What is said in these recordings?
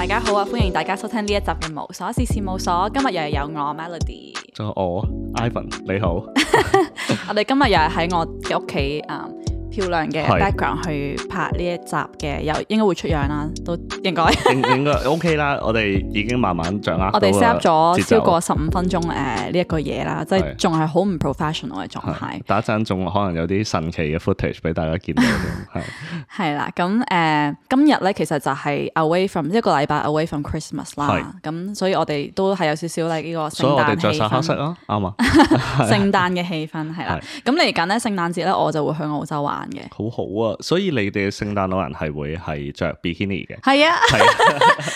大家好啊！歡迎大家收聽呢一集嘅無瑣事事務所。今日又係有我 Melody，仲有我 Ivan。 你好， 我哋今日又係喺我嘅屋企啊。Um, 漂亮嘅 background 去拍呢一集嘅，又、嗯、應該會出樣啦，都應該應該 OK 啦。我哋已經慢慢掌握。 我哋 set up 咗超過十五分鐘誒呢一個嘢啦，即係仲係好唔 professional 嘅狀態打陣仲可能有啲神奇嘅 footage 俾大家見到。係係 啦，咁、嗯、誒今日咧其實就係 away from 一個禮拜 away from Christmas 啦。咁是、嗯、所以我哋都係有少少咧呢個聖誕氣氛咯，啱啊！聖誕嘅氣氛係啦。咁嚟緊咧聖誕節咧，嗯、我就會去澳洲玩。Yeah. 好好啊，所以你哋聖誕老人係會係着 bikini 嘅，係啊，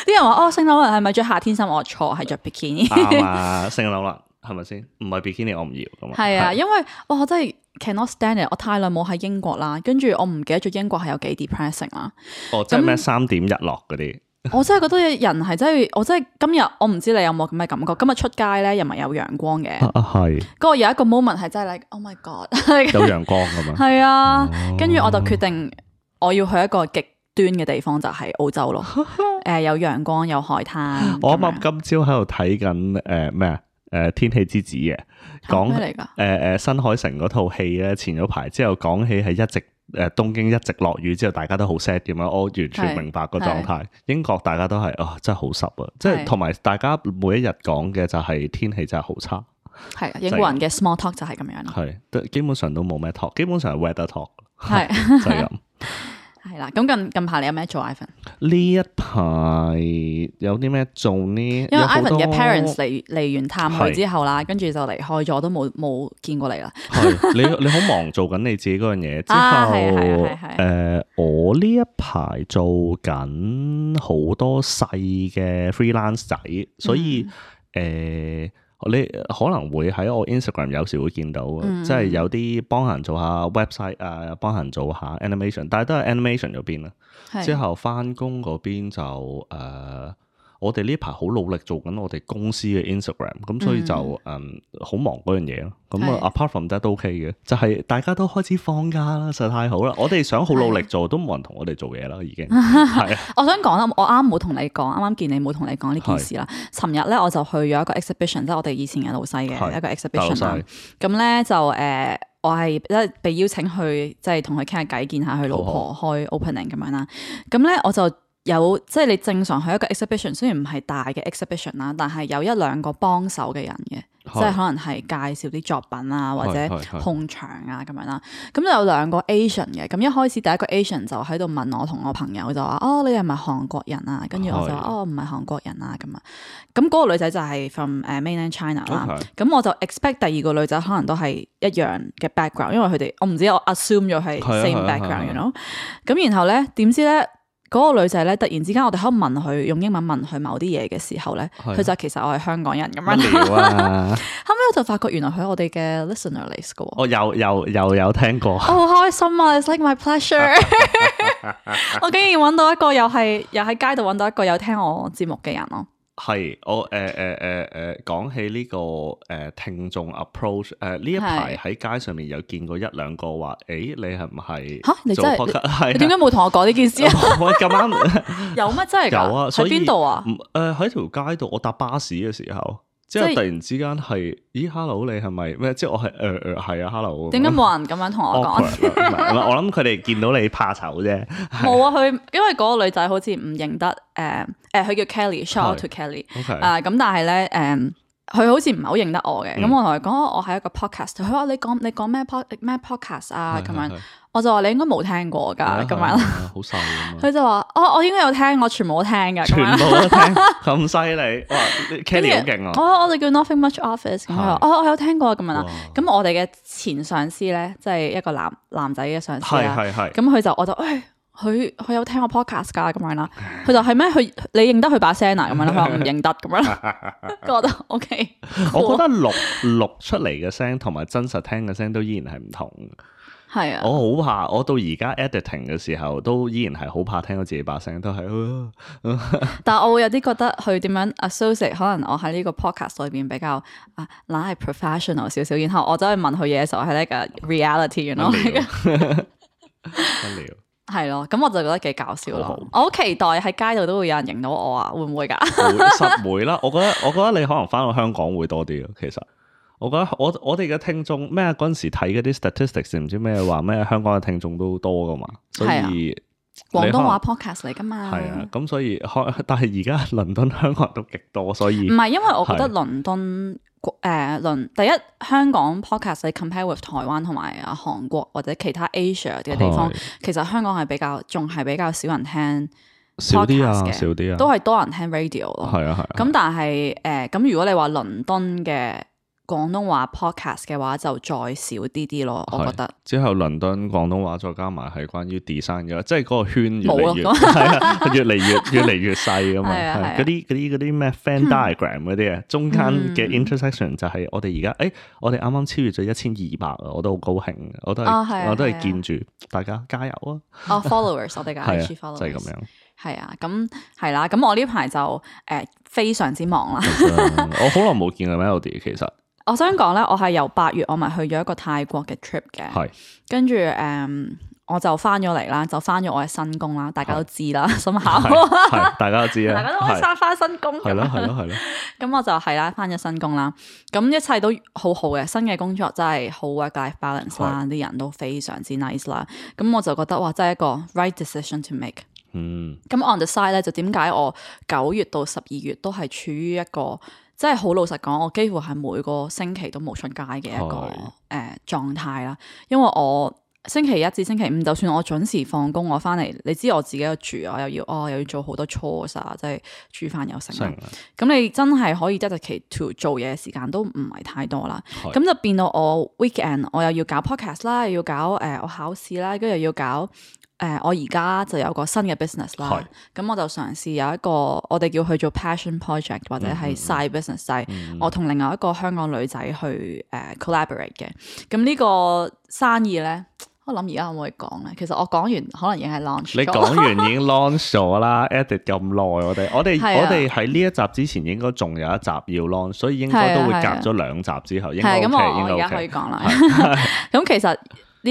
啲人話哦，聖誕老人係咪着夏天衫？我錯，係着 bikini 啱啊！聖誕老人係咪先？唔係 bikini，我唔要咁啊！係啊是，因為哇，哦、我真係 cannot stand it，我太耐冇喺英國啦，跟住我唔記得咗英國係有幾 depressing 啦、啊。哦，即係咩三點日落嗰啲。 我真係覺得人係真係，我真係今日我唔知你有冇咁嘅感覺？今日出街咧，又咪有陽光嘅，咁我有一個 moment 係真係、like,，Oh my God！有陽光咁 啊！係啊、哦，跟住我就決定我要去一個極端嘅地方，就係、是、澳洲咯。誒、 呃，有陽光，有海灘。我啱啱今日今朝喺度睇緊誒咩啊？誒、呃呃，天氣之子嘅講咩嚟噶？誒誒、呃，新海誠嗰套戲咧，前咗排之後講起係一直。誒、呃，東京一直落雨之後，大家都好 sad 咁樣，我、哦、完全明白個狀態。英國大家都係啊、哦，真係好濕啊，即係同埋大家每一日講嘅就係天氣真係好差，係英國人嘅 small talk 就係咁樣咯，係，都基本上都冇咩 talk，基本上係 weather talk，係是 就係咁。 係啦，咁近近排你有咩做，Ivan 呢一排有啲咩做呢？因為 Ivan 嘅 parents 嚟嚟完探佢之後啦，跟住是就離開咗，都冇冇見過你啦。係 你你好忙做緊你自己嗰樣嘢之後，誒、啊啊啊啊呃，我呢一排做緊好多細嘅 freelance 仔，所以誒。嗯呃你可能會喺我 Instagram 有時會見到，嗯、即係有啲幫人做下 website 啊，幫人做下 animation，但係都係 animation 嗰邊啦。是之後翻工嗰邊就誒。呃我哋呢排好努力做緊我哋公司嘅 Instagram，咁所以就嗯，好忙嗰樣嘢咯。咁啊，Apart from that 都 OK 嘅，就係大家都開始放假啦，實在太好啦。我哋想好努力做，都冇人同我哋做嘢啦，已經係。我想講啦，我啱啱冇同你講，啱啱見你冇同你講呢件事啦。尋日咧我就去咗一個 exhibition，即係我哋以前嘅老細嘅一個 exhibition。咁咧就誒，我係即係被邀請去，即係同佢傾下偈，見下佢老婆開 opening 咁樣啦。咁咧我就。有即係你正常去一個 exhibition，雖然唔係大嘅 exhibition 啦，但係有一兩個幫手嘅人嘅，即係可能係介紹啲作品啊，或者控場啊咁樣啦。咁就有兩個 Asian 嘅，咁一開始第一個 Asian 就喺度問我同我朋友就話：哦，你係咪韓國人啊？跟住我就話：哦，唔係韓國人啊咁啊。咁嗰個女仔就係 from Mainland China 啦。咁我就 expect 第二個女仔可能都係一樣嘅 background，因為佢哋我唔知，我 assume 咗係 same background 嘅咯。咁然後咧，點知咧？嗰個女仔咧，突然之間我，我哋喺度問佢用英文問佢某啲嘢嘅時候咧，佢的就，其實我係香港人咁樣。啊、 後尾我就發覺原來佢係我哋嘅 listener list 噶喎、哦。我又又又有聽過。我好 哦、開心啊！It's like my pleasure。 我竟然搵到一個又係又喺街度搵到一個有聽我節目嘅人咯。係，我誒誒誒誒，講、呃呃呃、起呢、這個誒、呃、聽眾 approach，誒、呃、呢一排喺街上面有見過一兩個話，誒、欸、你係唔係？吓你真係，做 Podcast，你點解冇同我講呢件事、啊？喂咁啱，有乜真係？有啊，喺邊度啊？誒喺條街度，我搭巴士嘅時候。即係是突然之間係，咦，hello，你係咪咩？即係我係，誒、呃、誒，係啊，hello。點解冇人咁樣同我講？唔係，我諗佢哋見到你怕醜啫。冇 啊，佢因為嗰個女仔好似唔認得，誒、呃、誒，佢、呃、叫 Kelly, shout out to Kelly 啊。咁、okay. 呃、但係咧，誒、呃。佢好似唔係好認得我嘅，咁我同佢講我係一個 podcast，佢話你講你講咩 pod 咩 podcast 啊咁樣，我就話你應該冇聽過噶咁樣。好細啊嘛。佢就話哦我應該有聽，我全部都聽嘅。全部都聽，咁犀利，哇！Kelly 好勁啊。哦，我哋叫 Nothing Much Office，佢話哦我有聽過咁樣啦。咁我哋嘅前上司咧，即係一個男男仔嘅上司啦。係係咁佢就我就誒。佢佢有聽我 podcast 噶咁樣啦，佢就係咩？佢你認得佢把聲啊咁樣啦，佢話唔認得咁樣啦，覺得 OK cool。我覺得錄錄出嚟嘅聲同埋真實聽嘅聲都依然係唔同。係啊，我好怕，我到而家 editing 嘅時候都依然係好怕聽到自己把聲，都係。Uh, uh, 但係我會有啲覺得佢點樣 associate？可能我喺呢個 podcast 裏邊比較啊，硬、uh, 係 professional 少少。然後我走去問佢嘢嘅時候，係呢個 reality 原來。 係咯，咁我就覺得幾搞笑咯。好好，我好期待喺街度都會有人認到我啊，會唔會噶？會，實 會啦，我覺得我覺得你可能返到香港會多啲咯。其實我覺得我我哋嘅聽眾咩嗰陣時睇嗰啲 statistics 唔知咩話咩香港嘅聽眾都多噶嘛，所以、啊、廣東話 podcast 嚟噶嘛。係啊，咁所以開，但係而家倫敦香港人都極多，所以唔係因為我覺得倫敦。誒，倫、呃、第一香港 podcast 你 compare with 台灣同埋啊韓國或者其他 Asia 啲嘅地方，是其實香港係比較仲係比較少人聽 podcast 嘅，少啲啊，啊都係多人聽 radio 咯、啊。係啊係啊。咁、嗯、但係誒，咁、呃、如果你話倫敦嘅。廣東話 podcast 嘅話就再少啲啲咯，我覺得之後倫敦廣東話再加埋係關於 design 嘅，即係嗰個圈越嚟越係啊，越嚟越越嚟越細㗎嘛。嗰啲嗰啲嗰啲咩 fan diagram 嗰啲啊，中間嘅 intersection 就係我哋而家誒，我哋啱啱超越咗一千二百啊，我都好高興，我都我都係見住大家加油啊！啊 followers，我哋係啊，就係咁樣，係啊，咁係啦，咁我呢排就誒非常之忙啦，我好耐冇見啊 Melody，其實。我想講咧，我係由八月我咪去咗一個泰國嘅 trip 嘅，跟住誒我就翻咗嚟啦，就翻咗我嘅新工啦，大家都知啦，咁啊考，大家都知啊， 是大家都開翻翻新工，係咯係咯係咯，咁我就係啦，翻咗新工啦，咁一切都好好嘅，新嘅工作真係好 work-life balance 啦，啲是人都非常之 nice 啦，咁我就覺得哇，真係一個 right decision to make，嗯，咁 on the side 咧，就點解我九月到十二月都係處於一個。即係好老實講，我幾乎係每個星期都冇出街嘅一個誒狀態啦。因為我星期一至星期五，就算我準時放工，我翻嚟，你知我自己個住，我又要哦，又要做好多 chores 啊，即係煮飯又食。咁 你真係可以 dedicate to 做嘢嘅時間都唔係太多啦。咁、oh，就變到我 weekend，我又要搞 podcast 啦，又要搞誒、呃、我考試啦，跟住又要搞。.誒，我而家就有個新嘅 business 啦，咁我就嘗試有一個是我哋叫佢做 passion project 或者係 side business，嗯、我同另外一個香港女仔去誒 collaborate 嘅，咁呢個生意呢，我諗而家可唔可以講呢？其實我講完可能已經係 launch，你講完已經 launch 咗啦，edit 咁耐，我哋、啊、我哋我哋喺呢一集之前應該仲有一集要 launch，所以應該都會隔咗兩集之後，係咁我我而家可以講啦。咁、啊、 其實呢、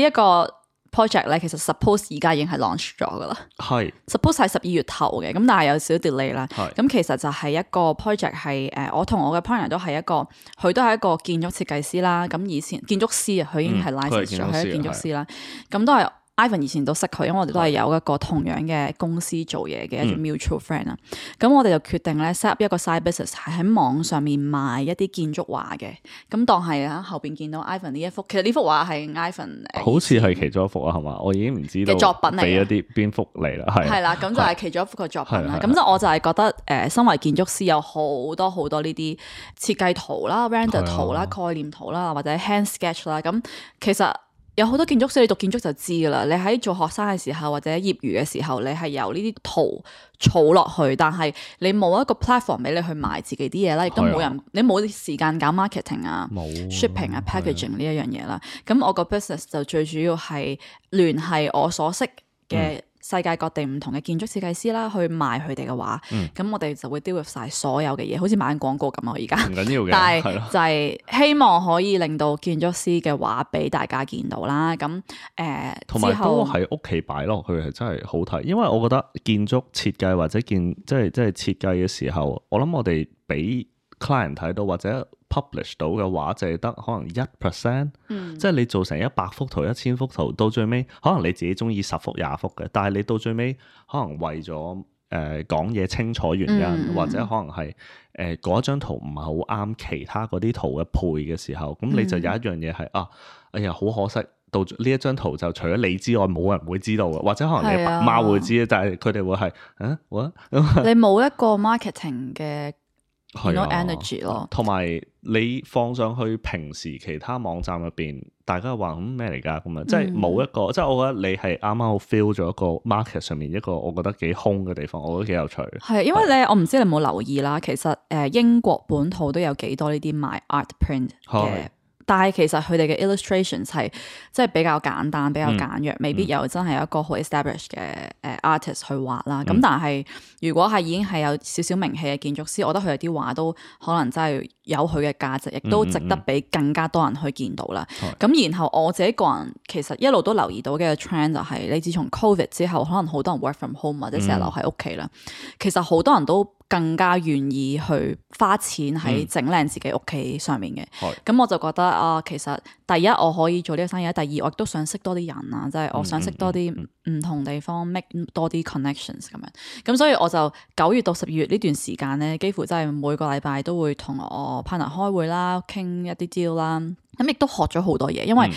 這、一個。project 咧其實 suppose 而家已經係 launch 咗噶啦，係是 suppose 係十二月頭嘅，咁但係有少少 delay 啦，咁是其實就係一個 project 係誒，我同我嘅 partner 都係一個，佢都係一個建築設計師啦，咁以前建築師啊，佢已經係 license 咗，佢係、嗯、建築師啦，咁是都係。Ivan 以前都識佢，因為我哋都係有一個同樣嘅公司做嘢嘅一種 mutual friend 啦。咁我哋就決定咧 set up 一個 side business，係喺網上面賣一啲建築畫嘅。咁當係響後邊見到 Ivan 呢一幅，其實呢幅畫係 Ivan 好似係其中一幅啊，係嘛？我已經唔知道作品嚟，俾一啲邊幅嚟啦，係係啦。咁就係其中一幅嘅作品啦。咁即係我就係覺得，誒身為建築師有好多好多呢啲設計圖啦、render 圖啦、係概念圖啦，或者 hand sketch 啦。咁其實。有好多建築師，你讀建築就知噶啦。你喺做學生嘅時候或者業餘嘅時候，你係由呢啲圖儲落去，但係你冇一個 platform 俾你去賣自己啲嘢啦，亦都冇人，的你冇啲時間搞 marketing 啊、shipping 啊、packaging 呢的一樣嘢啦。咁我個 business 就最主要係聯繫我所識嘅。嗯世界各地唔同嘅建築設計師啦，去賣佢哋嘅畫，咁、嗯、我哋就會 deal with 晒所有嘅嘢，好似買緊廣告咁啊！而家，唔緊要嘅，但係就係希望可以令到建築師嘅畫俾大家見到啦。咁誒， 同埋都喺屋企擺落去係真係好睇，因為我覺得建築設計或者建即係即係設計嘅時候，我諗我哋俾 client 睇到或者。publish 到嘅話就係、是、得可能一 percent，、嗯、即係你做成一百幅圖、一千幅圖到最尾，可能你自己鍾意十幅、廿幅嘅。但係你到最尾可能為咗誒講嘢清楚原因，嗯、或者可能係誒嗰張圖唔係好啱其他嗰啲圖嘅配嘅時候，咁你就有一樣嘢係、嗯、啊，哎呀好可惜，到呢一張圖就除咗你之外冇人會知道嘅，或者可能你爸媽會知，啊、但係佢哋會係嗯，啊、 你冇一個 marketing 嘅。Yeah, No energy 咯，同埋你放上去平時其他網站入邊，大家話咩嚟㗎？咁啊，即係冇一個，嗯、即係我覺得你係啱啱好 fill 咗一個 market 上面一個我覺得幾空嘅地方，我覺得幾有趣。係是，是因為咧，我唔知你有冇留意啦。其實誒、呃，英國本土都有幾多呢啲賣 art print 嘅的。但係其實佢哋嘅 illustrations 係即係比較簡單、比較簡約，未必有真係一個好 establish 嘅誒 artist 去畫啦。咁、嗯、但係如果係已經係有少少名氣嘅建築師，我覺得佢啲畫都可能真係有佢嘅價值，亦都值得俾更加多人去見到啦。咁、嗯嗯、然後我自己個人其實一路都留意到嘅 trend 就係、是，你自從 COVID 之後，可能好多人 work from home 或者成日留喺屋企啦。嗯、其實好多人都，更加願意去花錢喺整靚自己屋企上面嘅，咁、嗯、我就覺得啊、呃，其實第一我可以做呢個生意，第二我都想識多啲人啊，即、就、係、是、我想識多啲唔同地方 make、嗯嗯、多啲 connections 咁樣，咁所以我就九月到十二月呢段時間呢，幾乎真係每個禮拜都會同我 partner 開會啦，傾一啲招啦，咁亦都學咗好多嘢，因為、嗯。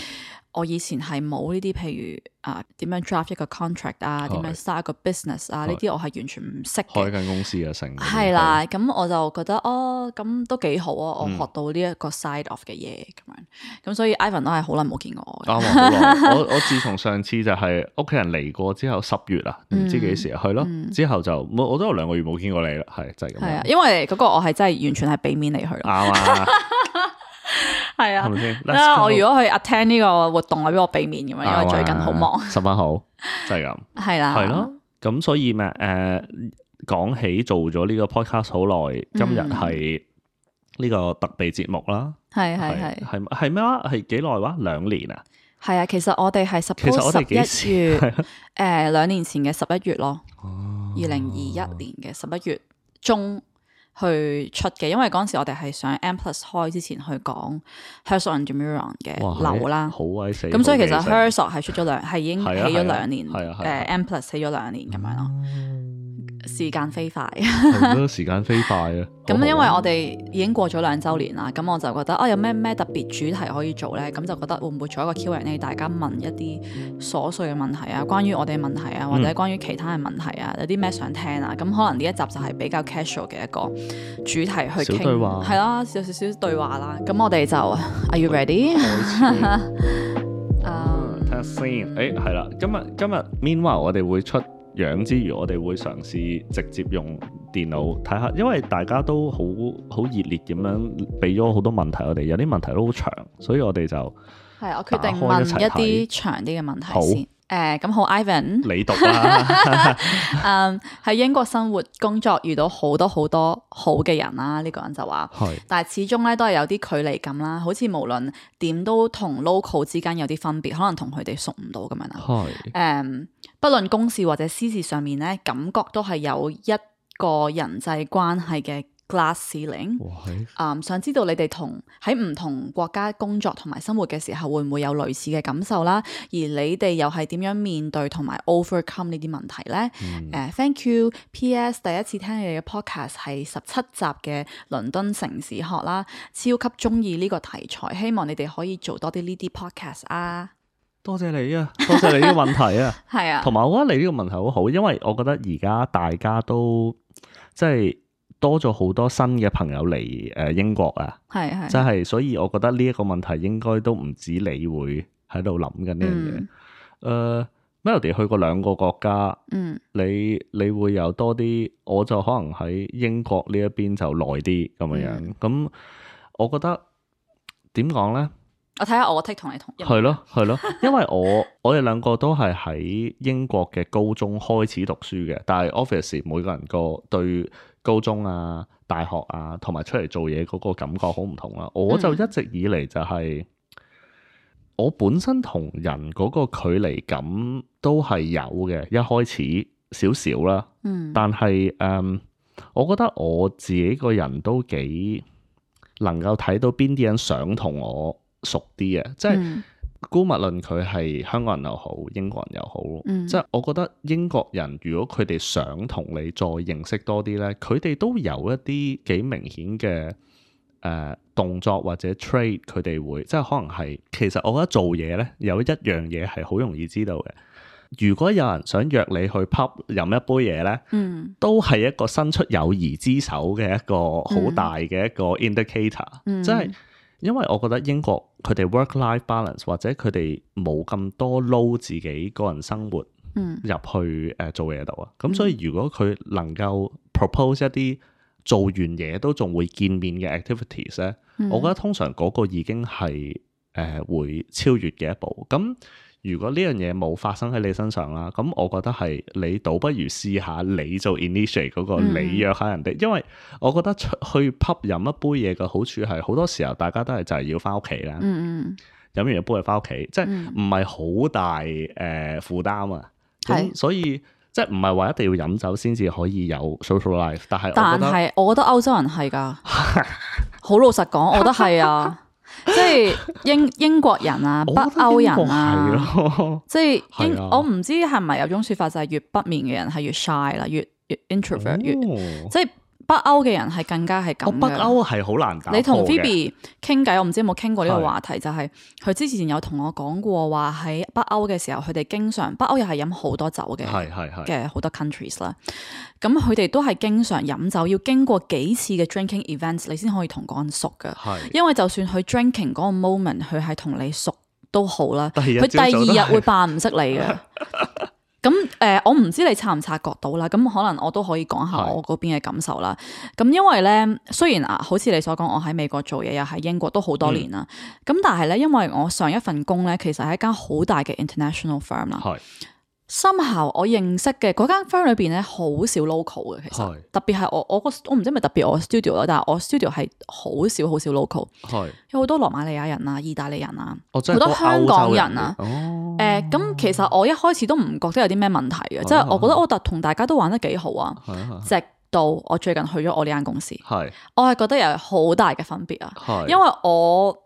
我以前係冇呢啲，譬如啊，點樣 draft 一個 contract 啊，點樣 start 一個 business 啊，呢啲我係完全唔識嘅。開間公司嘅成係啦，咁我就覺得哦，咁都幾好啊，我學到呢一個 side of 嘅嘢咁樣。咁所以 Ivan 都係好耐冇見過我。我我自從上次就係屋企人嚟過之後，十月啊，唔知幾時啊，去咯。之後就我都有兩個月冇見過你啦，係就係咁。係啊，因為嗰個我係真係完全係俾面你去。啱啊。係啊，因為我如果去 attend 呢個活動，我俾我避免咁樣，因為最近好忙。十分好， 就係咁。係啦的，係咯，咁所以咪誒講起做咗呢個 podcast 好耐，今日係呢個特備節目啦。係係係係咩話？係幾耐話？兩年啊？係啊，其實我哋係十，其實我哋幾前誒兩年前嘅十一月咯，二零二一年嘅十一月中。哦去出嘅，因為嗰陣時我哋係想 M+ 開之前去講 Herzog and de Meuron 嘅樓啦，好鬼死，咁、嗯、所以其實 Herzog 係出咗兩係、啊、已經起咗兩年，誒 M+ 死咗兩年咁、啊、樣咯、啊， 時間飛快，時間飛快啊！咁因為我哋已經過咗兩周年啦，咁我就覺得啊有咩咩特別主題可以做咧，咁就覺得會唔會做一個 Q&A，大家問一啲瑣碎嘅問題啊，關於我哋嘅問題啊，或者關於其他嘅問,、啊嗯、問題啊，有啲咩想聽啊？咁可能呢一集就係比較 casual 嘅一個。主題去傾係啦，少少少對話啦。咁、嗯、我哋就 Are you ready？啊，睇下先。誒、欸，係啦，今日今日 Meanwhile，我哋會出樣之餘，嗯、我哋會嘗試直接用電腦睇下，因為大家都好好熱烈咁樣俾咗好多問題我，我哋有啲問題都好長，所以我哋就係我決定問一啲長啲嘅問題先。誒，咁、嗯、好，Ivan，你讀啦。嗯，喺英國生活工作遇到好多好多好嘅人啦、啊。呢個人就話，是但係始終咧都係有啲距離感啦。好似無論點都同 local 之間有啲分別，可能同佢哋熟唔到咁樣啦、啊。係是，嗯，um, 不論公事或者私事上面咧，感覺都係有一個人際關係嘅。Glass ceiling，喂想知道你哋同喺唔同國家工作同埋生活嘅時候，會唔會有類似嘅感受啦？而你哋又係點樣面對同埋 overcome 呢啲問題呢？Thank you。P.S. 第一次聽你哋嘅 podcast 係十七集嘅倫敦城市學啦，超級中意呢個題材，希望你哋可以做多啲呢啲 podcast 啊！多謝你啊，多謝你呢個問題啊，係 啊，同埋我覺得你呢個問題好好，因為我覺得而家大家都即係。就是多咗好多新嘅朋友嚟，誒英國啊，係係是，即係、就是、所以，我覺得呢一個問題應該都唔止你會喺度諗緊呢樣嘢。誒、嗯呃、，Melody 去過兩個國家，嗯，你你會有多啲，我就可能喺英國呢一邊就耐啲咁樣樣。咁我覺得點講咧？呢我睇下我剔同你同係咯係咯，因為， 因為我我哋兩個都係喺英國嘅高中開始讀書嘅，但係 office 每個人個對。高中啊、大學啊，同埋出嚟做嘢嗰個感覺好唔同啦，啊。我就一直以嚟就係、是，嗯、我本身同人嗰個距離感都係有嘅，一開始少少啦。嗯、但係誒，um, 我覺得我自己個人都幾能夠睇到邊啲人想同我熟啲啊，即、就、係、是。嗯姑勿論佢係香港人又好，英國人又好、嗯、即係我覺得英國人如果佢哋想同你再認識多啲咧，佢哋都有一啲幾明顯嘅誒動作或者 trade，佢哋會即係可能係。其實我覺得做嘢咧有一樣嘢係好容易知道嘅。如果有人想約你去 pub 飲一杯嘢咧，嗯，都係一個伸出友誼之手嘅一個好、嗯、大嘅一個 indicator、嗯。即係因為我覺得英國。佢哋 work-life balance 或者佢哋冇咁多撈自己個人生活入去誒做嘢度啊，咁、嗯、所以如果佢能夠 propose 一啲做完嘢都仲會見面嘅 activities 咧、嗯，我覺得通常嗰個已經係誒會超越嘅一步咁。如果呢樣嘢冇發生喺你身上啦，咁我覺得係你倒不如試下你做 initiate 嗰、嗰個，嗯、你約下人哋，因為我覺得出去 pub 飲一杯嘢嘅好處係好多時候大家都係就係要翻屋企啦，嗯嗯，飲完一杯嘢翻屋企，嗯、即係唔係好大誒負擔啊，係、嗯，所以即係唔係話一定要飲酒先至可以有 social life，但係但係我覺得歐洲人係噶，好 老實講，我覺得係啊。 即係英英國人啊， 北歐人啊，即係英是、啊、我唔知係咪有種說法就係、是、越北面嘅人係越 shy 啦，越越 introvert 越、哦、即係。北歐嘅人係更加係咁、哦、北歐係好難搞。你同 Phoebe 傾偈，我唔知有冇傾過呢個話題，是就係佢之前有同我講過話喺北歐嘅時候，佢哋經常北歐又係飲好多酒嘅，嘅好多 countries 啦。咁佢哋都係經常飲酒，要經過幾次嘅 drinking events，你先可以同嗰人熟嘅。係是，因為就算佢 drinking 嗰個 moment，佢係同你熟都好啦，佢第，第二日會扮唔識你嘅。 咁誒、呃，我唔知你察唔察覺到啦。咁可能我都可以講下我嗰邊嘅感受啦。咁是因為咧，雖然啊，好似你所講，我喺美國做嘢又喺英國都好多年啦。咁、嗯、但係咧，因為我上一份工咧，其實係一間好大嘅 international firm 啦。深校我認識嘅嗰間 firm 裏邊咧，好少 local 嘅，其實是特別係我我個我唔知係咪特別我 studio 啦，但係我 studio 係好少好少 local，是有好多羅馬尼亞人啊、意大利人啊、好多香港人啊，誒咁、呃哦嗯、其實我一開始都唔覺得有啲咩問題嘅，即係、哦、我覺得我特同大家都玩得幾好啊，哦、直到我最近去咗我呢間公司，是我係覺得有好大嘅分別啊，是因為我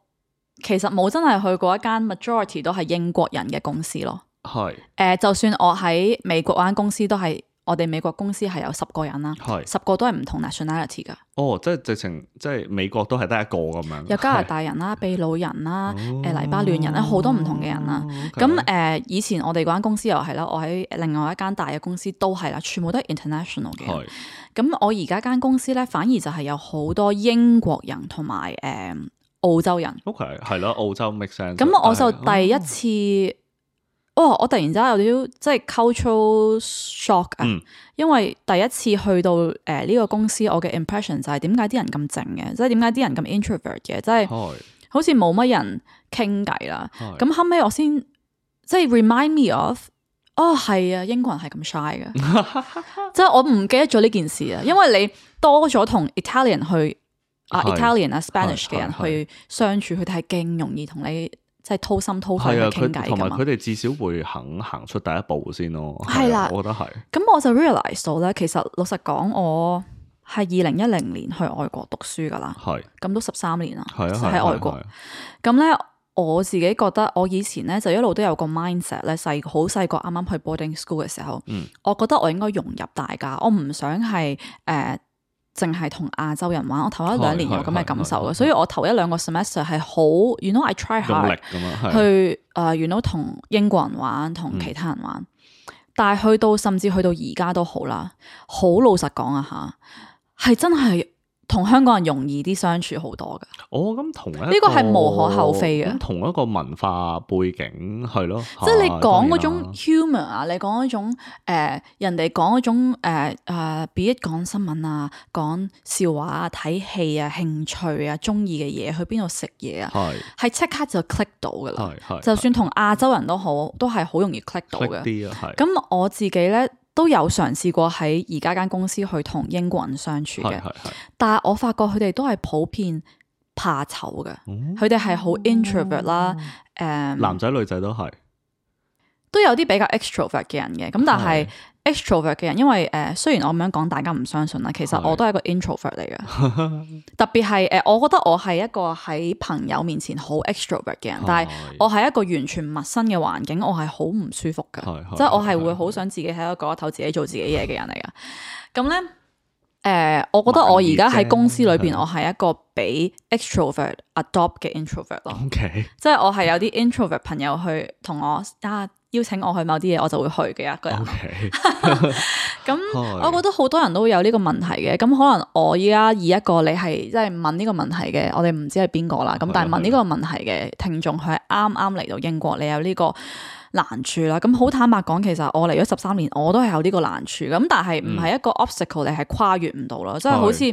其實冇真係去過一間 majority 都係英國人嘅公司咯。係誒，是 uh, 就算我喺美國嗰間公司都係，我哋美國公司係有十個人啦，是十個都係唔同 nationality 噶。哦，即係直情即係美國都係得一個咁樣。有加拿大人啦、是秘魯人啦、誒、oh, 呃、黎巴嫩人啦，好多唔同嘅人啦。咁誒 okay.、呃，以前我哋嗰間公司又係啦，我喺另外一間大嘅公司都係啦，全部都係 international 嘅。咁是我而家間公司咧，反而就係有好多英國人同埋誒澳洲人。OK，係咯，澳洲 mix 咁是，我就第一次。Oh. 哦，我突然之間有啲即係 cultural shock 啊，嗯、因為第一次去到誒呢、呃呢個公司，我嘅 impression 就係點解啲人咁靜嘅？即係點解啲人咁 introvert 嘅，即係好似冇乜人傾偈啦。咁嘿後尾我先即係 remind me of，哦，係啊，英國人係咁 shy 嘅， 即係我唔記得咗呢件事啊。因為你多咗同 It 嘿、啊、Italian 去啊，Italian 啊，Spanish 嘅人去相處，佢哋係勁容易同你。即係掏心掏肺去傾偈同埋佢哋至少會肯行出第一步先咯。係啦的，的我覺得係。咁我就 realize 到咧，其實老實講，我係二零一零年去外國讀書噶啦。係咁的都十三年啦，喺外國。咁咧，我自己覺得我以前咧就一路都有個 mindset 咧，細好細個啱啱去 boarding school 嘅時候，嗯，我覺得我應該融入大家，我唔想係誒。呃淨係同亞洲人玩，我頭一兩年有咁嘅感受嘅，所以我頭一兩個 semester 係好，you know I try hard 去誒，you know 同英國人玩，同其他人玩，嗯、但係去到甚至去到而家都好啦，好老實講啊吓，係真係。同香港人容易啲相處好多噶，哦，咁同呢個係無可厚非嘅，同一個文化背景係咯，啊、即係你講嗰種 humour 啊，你講嗰種誒、呃、人哋講嗰種誒誒，比、呃、如、呃、講新聞啊、講笑話啊、睇戲啊、興趣啊、中意嘅嘢，去邊度食嘢啊，係係即刻就 click 到噶啦，就算同亞洲人都好，都係好容易 click 到嘅，啲咁我自己咧。都有嘗試過喺而家間公司去同英國人相處嘅，是是是，但係我發覺佢哋都係普遍怕醜嘅，佢哋係好 introvert 啦，誒、哦，um, 男仔女仔都係。都有啲比較 extrovert 嘅人嘅，咁但係 extrovert 嘅人，因為誒、呃、雖然我咁樣講，大家唔相信啦，其實我都係一個 introvert 嚟嘅， 特別係誒、呃、我覺得我係一個喺朋友面前好 extrovert 嘅人， 但係我係一個完全陌生嘅環境，我係好唔舒服㗎，即係 我係會好想自己喺度擱一頭，自己做自己嘢嘅人嚟㗎。咁咧誒，我覺得我而家喺公司裏邊，我係一個畀 extrovert adopt 嘅 introvert 咯，即 係我係 有啲 introvert 朋友去同我啊～邀請我去某啲嘢我就會去嘅一個人。咁我覺得好多人都會有呢個問題嘅。咁可能我而家以一個你係即係問呢個問題嘅，我哋唔知係邊個啦。咁 但係問呢個問題嘅 聽眾，佢係啱啱嚟到英國，你有呢個難處啦，咁好坦白講，其實我嚟咗十三年，我都係有呢個難處，咁但係唔係一個 obstacle，嗯，你係跨越唔到咯，即係是好似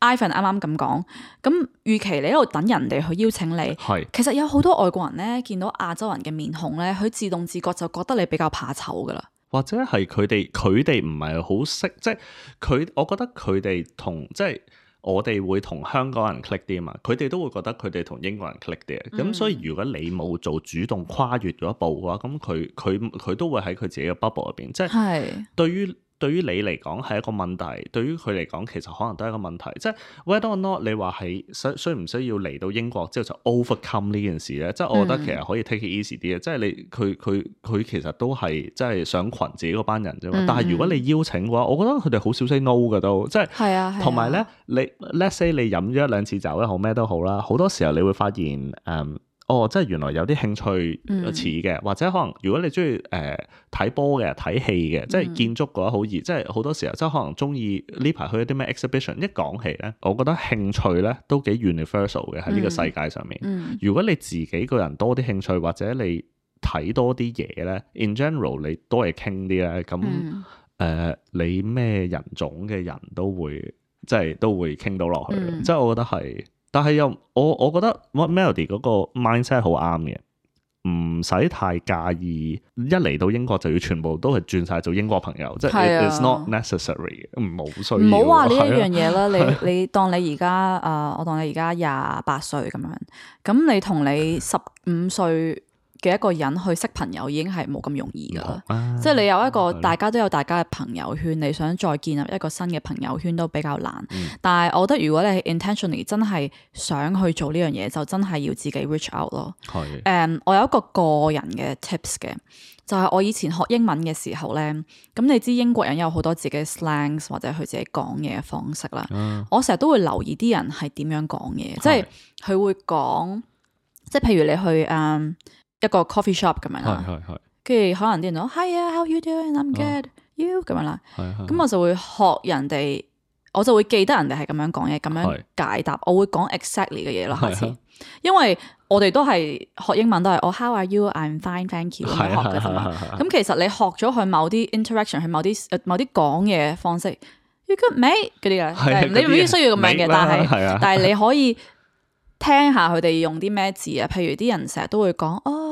Ivan 啱啱咁講，咁預期你喺度等人哋去邀請你，係是其實有好多外國人咧見到亞洲人嘅面孔咧，佢自動自覺就覺得你比較怕醜噶啦，或者係佢哋佢哋唔係好識，即係佢，我覺得佢哋同即係。我哋會同香港人 click 啲嘛，佢哋都會覺得佢哋同英國人 click 啲嘅，咁，嗯，所以如果你冇做主動跨越咗一步嘅話，咁佢佢佢都會喺佢自己嘅 bubble 入邊，即係對於。對於你嚟講係一個問題，對於佢嚟講其實可能都係一個問題。即係 whether or not 你話係需需唔需要嚟到英國之後就 overcome 呢件事咧，即係我覺得其實可以 take it easy 啲嘅。嗯、即係你佢佢佢其實都係即係想群自己嗰班人啫嘛。嗯、但係如果你邀請嘅話，我覺得佢哋好少 say no 㗎都。即係，係啊，同埋咧，你 let's say 你飲咗一兩次酒咧，好咩都好啦。好多時候你會發現誒。Um, 哦，即係原來有啲興趣似嘅，嗯、或者可能如果你中意誒睇波嘅、睇戲嘅，即係建築嘅話好易，嗯、即係好多時候即係可能中意呢排去一啲咩 exhibition。一講起咧，我覺得興趣咧都幾 universal 嘅喺呢、嗯、個世界上面。嗯、如果你自己個人多啲興趣，或者你睇多啲嘢咧，in general 你多嘢傾啲咧，咁誒、嗯呃、你咩人種嘅人都會即係都會傾到落去，嗯、即係我覺得係。但係又我我覺得 Melody 嗰個 mindset 好啱嘅，唔使太介意一嚟到英國就要全部都係轉晒做英國朋友，啊、即係 it is not necessary，唔冇需要。唔好話呢一樣嘢啦，啊、你你當你而家誒，啊 uh, 我當你而家廿八歲咁樣，咁你同你十五歲。 嘅一個人去識朋友已經係冇咁容易噶啦，啊、即係你有一個大家都有大家嘅朋友圈，的你想再建立一個新嘅朋友圈都比較難。嗯、但係，我覺得如果你 intentionally 真係想去做呢樣嘢，就真係要自己 reach out 咯。係誒的，um, 我有一個個人嘅 tips 嘅，就係、是、我以前學英文嘅時候咧。咁你知英國人有好多自己 slangs 或者佢自己講嘢嘅方式啦。嗯、我成日都會留意啲人係點樣講嘢，即係佢會講，即係譬如你去誒。Um, 一個 coffee shop 咁樣啦，跟住可能啲人就，係啊，hi how you doing？I'm good，you 咁樣啦，咁我就會學人哋，我就會記得人哋係咁樣講嘢，咁樣解答，我會講 exactly 嘅嘢咯，開始，因為我哋都係學英文都係，我 how are you？I'm fine, thank you 咁樣學噶，咁其實你學咗佢某啲 interaction，佢某啲誒某啲講嘢方式，you good me 嗰啲啊。你唔必需要咁樣嘅，但係但係你可以聽下佢哋用啲咩字啊，譬如啲人成日都會講，哦。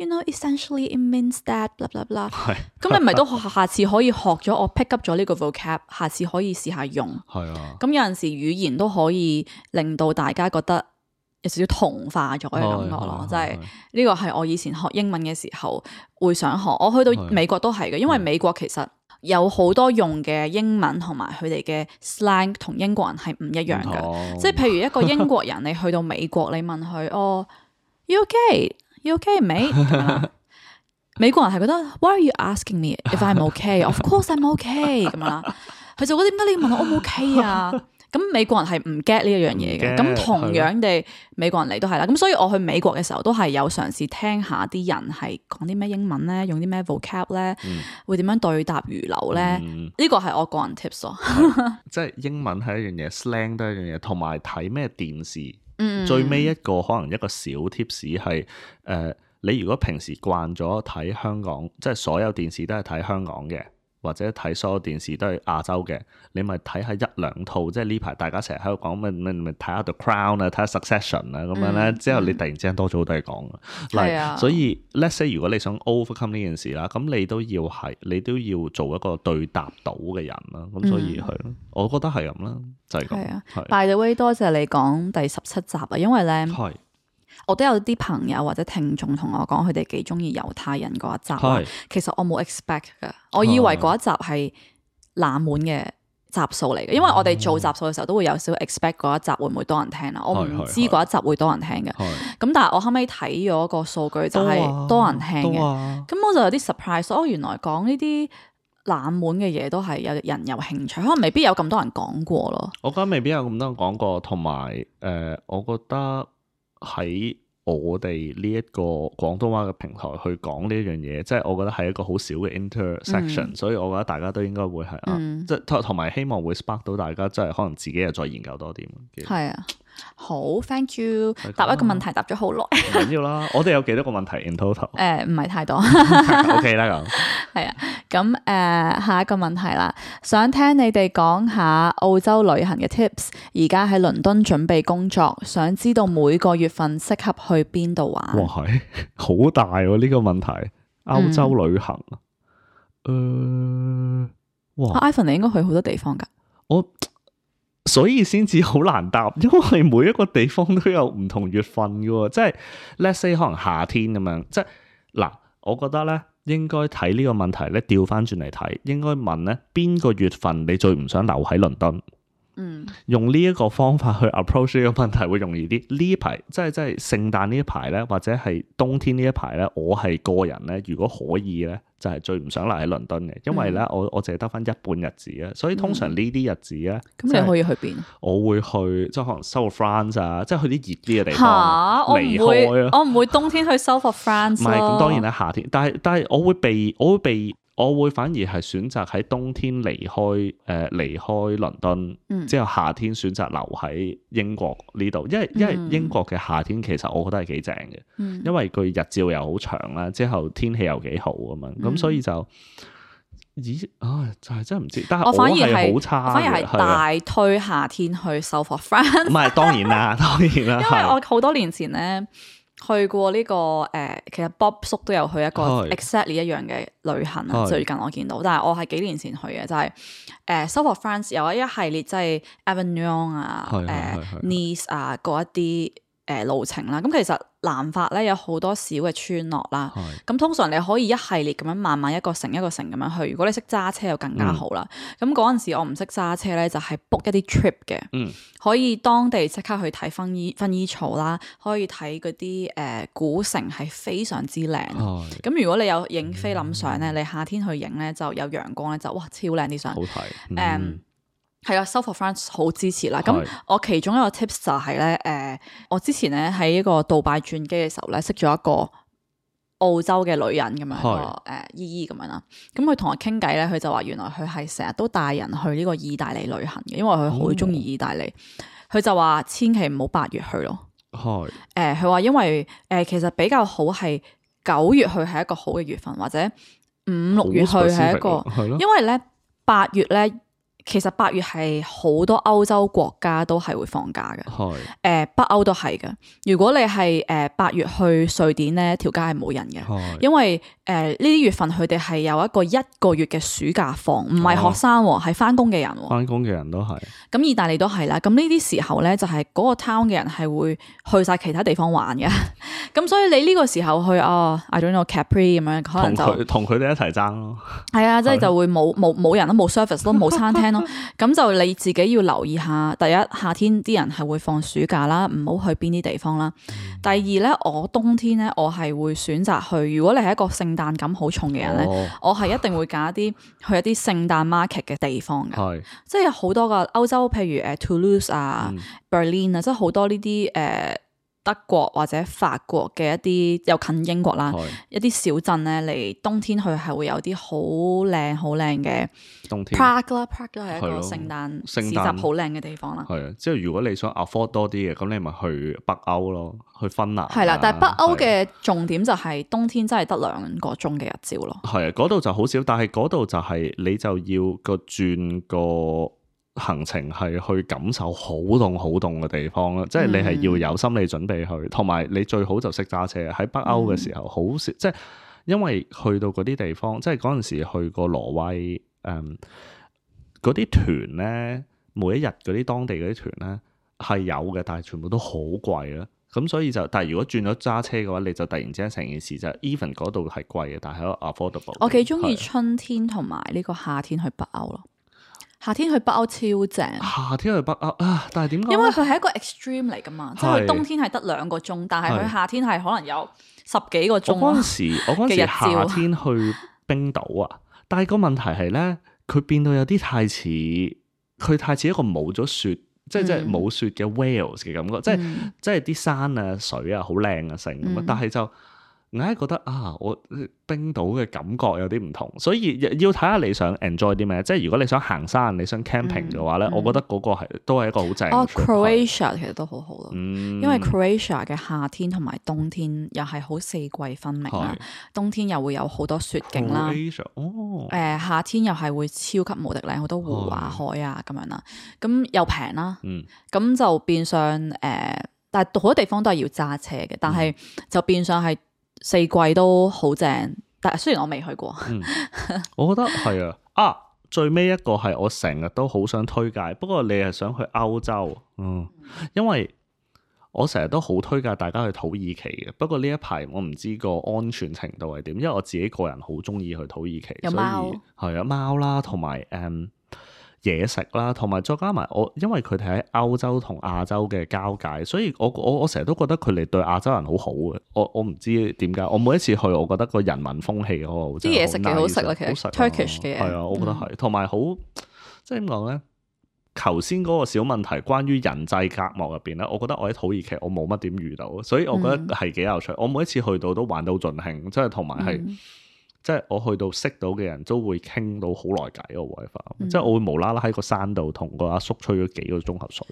You know, essentially it means that，blah 咁你咪都學下，次可以學咗，我 pick up 咗呢個 v o c a b 下次可以試下用。係咁、啊嗯、有陣時語言都可以令到大家覺得有少少同化咗嘅感覺咯，即係呢個係我以前學英文嘅時候會想學。我去到美國都係嘅，因為美國其實有好多用嘅英文同埋佢哋嘅 slang 同英國人係唔一樣嘅。即係、嗯、好 譬如一個英國人，你去到美國，你問佢哦、oh,，you o k a You OK 咪？美國人係覺得 Why are you asking me if I 係唔 OK？Of、okay? course 係唔 OK 咁 樣啦。佢就覺得點解你要問我我 OK 啊？咁美國人係唔 get 呢一樣嘢嘅。咁同樣地， 的美國人嚟都係啦。咁所以我去美國嘅時候都係有嘗試聽下啲人係講啲咩英文咧，用啲咩 vocab 咧，嗯、會點樣對答如流咧？呢個係我個人 tips 咯、嗯。 即係英文係一樣嘢，slang 都係一樣嘢，同埋睇咩電視。嗯嗯，最尾一個，可能一個小 tips 係，誒、呃，你如果平時慣咗睇香港，即係所有電視都係睇香港嘅。或者睇所有電視都係亞洲嘅，你咪睇下一兩套，即係呢排大家成日喺度講，咪咪睇下 The Crown 啊，睇下 Succession 啊咁樣咧。之後你突然之間多咗好多嘢講啦，所以 Let's say 如果你想 overcome 呢件事啦，咁你都要係你都要做一個對答到嘅人啦。咁所以係咯、嗯，我覺得係咁啦，就係、係、咁。係、嗯、啊係，By the way，多謝你講第十七集啊，因為咧。我都有啲朋友或者聽眾同我講，佢哋幾中意猶太人嗰一集。是其實我冇 expect 噶，我以為嗰一集係冷門嘅集數嚟嘅。因為我哋做集數嘅時候都會有少少 expect 嗰一集會唔會多人聽啊。我唔知嗰一集會多人聽嘅。咁但係我後尾睇咗個數據，就係、啊、多人聽嘅。咁、啊、我就有啲 surprise，我原來講呢啲冷門嘅嘢都係有人有興趣，可能未必有咁多人講過咯。我覺得未必有咁多人講過，同埋誒，我覺得。喺我哋呢一個廣東話嘅平台去講呢一樣嘢，即係我覺得係一個好少嘅 intersection，嗯、所以我覺得大家都應該會係，嗯、即同同埋希望會 spark 到大家，即係可能自己又再研究多啲。係啊。好，thank you。答一個問題答，答咗好耐。唔緊要啦，我哋有幾多個問題？in total、呃。誒，唔係太多。OK 啦，係啊。咁、呃、誒，下一個問題啦，想聽你哋講下澳洲旅行嘅 tips。而家喺倫敦準備工作，想知道每個月份適合去邊度玩。哇，係好大喎、啊！呢、呢個問題，澳洲旅行。誒、嗯呃，哇！Ivan，你應該去好多地方噶。我。所以先至好難答，因為每一個地方都有唔同月份噶，即係，Let's say 可能夏天咁樣，即係嗱，我覺得咧應該睇呢個問題咧，調翻轉嚟睇，應該問咧邊個月份你最唔想留喺倫敦？嗯，用呢一個方法去 approach 呢個問題會容易啲。呢排即係即係聖誕呢一排咧，或者係冬天呢一排咧，我係個人咧，如果可以咧，就係、是、最唔想留喺倫敦嘅，因為咧、嗯，我我淨係得返一半日子啊。所以通常呢啲日子咧，咁、嗯、是你可以去邊？我會去即係可能 South of France 啊，即係去啲熱啲嘅地方離開啊。我唔會， 會冬天去 South of France。唔係咁當然咧，夏天，但係但係我會避，我會避。我會反而係選擇喺冬天離開，誒、呃、離開倫敦，嗯、之後夏天選擇留喺英國呢度，因為、嗯、因為英國嘅夏天其實我覺得係幾正嘅，嗯、因為佢日照又好長啦，之後天氣又幾好啊嘛，咁、嗯、所以就咦啊就係真係唔知，但係我,我反而係好差，反而係大推夏天去 South of France 唔係當然啦，當然啦，然 因為我好多年前咧。去過呢、這個誒、呃，其實 Bob 叔都有去一個 exactly 一樣嘅旅行啦。的最近我見到，但係我係幾年前去嘅，就係誒 South of France 有一系列即係 Avignon 啊、誒 Nice 啊嗰一啲。誒路程啦，咁其實南法咧有好多小嘅村落啦，咁是通常你可以一系列咁樣慢慢一個城一個城咁樣去。如果你識揸車就更加好啦。咁嗰陣時我唔識揸車咧，就係 book 一啲 trip 嘅，可以當地即刻去睇薰衣薰衣草啦，可以睇嗰啲誒古城係非常之靚。咁是如果你有影菲林相咧，嗯、你夏天去影咧就有陽光咧，就哇超靚啲相。好睇。嗯。Um, 係啊，收穫翻好支持啦。咁是我其中一個 tips 就係、是、咧，誒、呃，我之前咧喺一個杜拜轉機嘅時候咧，識咗一個澳洲嘅女人咁是、呃、樣，誒姨姨，咁樣啦。咁佢同我傾偈咧，佢就話原來佢係成日都帶人去呢個意大利旅行嘅，因為佢好中意意大利。佢、哦、就話千祈唔好八月去咯。係是，誒、呃，佢話因為誒、呃、其實比較好係九月去係一個好嘅月份，或者五六月去係一個，因為咧八月咧。其實八月係好多歐洲國家都係會放假嘅，誒是北歐都係嘅。如果你係誒八月去瑞典，呢條街係冇人嘅，是因為誒呢啲月份佢哋係有一個一個月嘅暑假放，唔係學生，係翻工嘅人，翻工嘅人都係。咁、嗯、意大利都係啦，咁呢啲時候呢，就係嗰個 town 嘅人係會去晒其他地方玩嘅，咁、 嗯、所以你呢個時候去啊 I don't know, Capri 咁樣，哦、know, ri, 可能就同佢哋一齊爭咯。係啊，即、就、係、是、就會冇冇冇人都冇 service 都冇餐廳咯，咁就你自己要留意下。第一，夏天啲人係會放暑假啦，唔好去邊啲地方啦。第二咧，我冬天咧，我係會選擇去。如果你係一個聖誕感好重嘅人咧，哦、我係一定會揀一啲 去一啲聖誕 market 嘅地方嘅，即係好多個歐洲，譬如誒 Toulouse 啊、Berlin 啊，即係好多呢啲誒。德國或者法國嘅一啲又近英國啦，的一啲小鎮咧，嚟冬天去係會有啲好靚好靚嘅冬天 park 啦，park 都係一個聖誕市集好靚嘅地方啦。係啊，即係如果你想 afford 多啲嘅，咁你咪去北歐咯，去芬蘭係、啊、啦。但係北歐嘅重點就係冬天真係得兩個鐘嘅日照咯。係啊，嗰度就好少，但係嗰度就係你就要個轉個。行程係去感受好凍好凍嘅地方啦，即係你係要有心理準備去，同埋、嗯、你最好就識揸車。喺北歐嘅時候，好少、嗯、即係，因為去到嗰啲地方，即係嗰陣時去過挪威，誒、嗯，嗰啲團咧，每一日嗰啲當地嗰啲團咧係有嘅，但係全部都好貴啦。咁所以就，但係如果轉咗揸車嘅話，你就突然之間成件事就 even 嗰度係貴嘅，但係喺 affordable。我幾中意春天同埋呢個夏天去北歐咯。夏天去北歐超正，夏天去北歐啊！但係點解？因為佢係一個 extreme 嚟噶嘛，是即係佢冬天係得兩個鐘，是但係佢夏天係可能有十幾個鐘。我嗰時我嗰時夏天去冰島啊， 但係個問題係咧，佢變到有啲太似，佢太似一個冇咗雪，即係即係冇雪嘅 Wales 嘅感覺，嗯、即係即係啲山啊水啊好靚啊成咁，嗯、但係就。硬係覺得啊，我冰島嘅感覺有啲唔同，所以要睇下你想 enjoy 啲咩。即係如果你想行山，你想 camping 嘅話咧，嗯嗯、我覺得嗰個都係一個好正、哦。哦海、呃、Croatia 其實都好好咯，嗯、因為 Croatia 嘅夏天同埋冬天又係好四季分明啦，是冬天又會有好多雪景啦。哦，誒、呃、夏天又係會超級無敵靚，好多湖啊是海啊咁樣啦，咁又平啦，咁、嗯、就變相誒、呃，但係好多地方都係要揸車嘅，但係就變相係。嗯嗯。四季都好正，但雖然我未去過，嗯，我覺得係啊，啊最尾一個係我成日都好想推介，不過你係想去歐洲，嗯，因為我成日都好推介大家去土耳其嘅，不過呢一排我唔知個安全程度係點，因為我自己個人好中意去土耳其，有貓。所以係啊貓啦，同埋誒。嗯嘢食啦，同埋再加埋我，因為佢哋喺歐洲同亞洲嘅交界，所以我我我成日都覺得佢哋對亞洲人好好嘅。我我唔知點解，我每一次去，我覺得個人民風氣好好。啲嘢食幾好食啊，其實 Turkish 嘅嘢係啊，我覺得係，同埋好即係點講咧？頭先嗰個小問題關於人際隔膜入邊咧，我覺得我喺土耳其我冇乜點遇到，所以我覺得係幾有趣。嗯、我每一次去到都玩到盡興，即係同埋係。嗯即係我去到識到嘅人都會傾到好耐偈。個位法，即係我會無啦啦喺個山度同個阿叔吹咗幾個鐘頭水。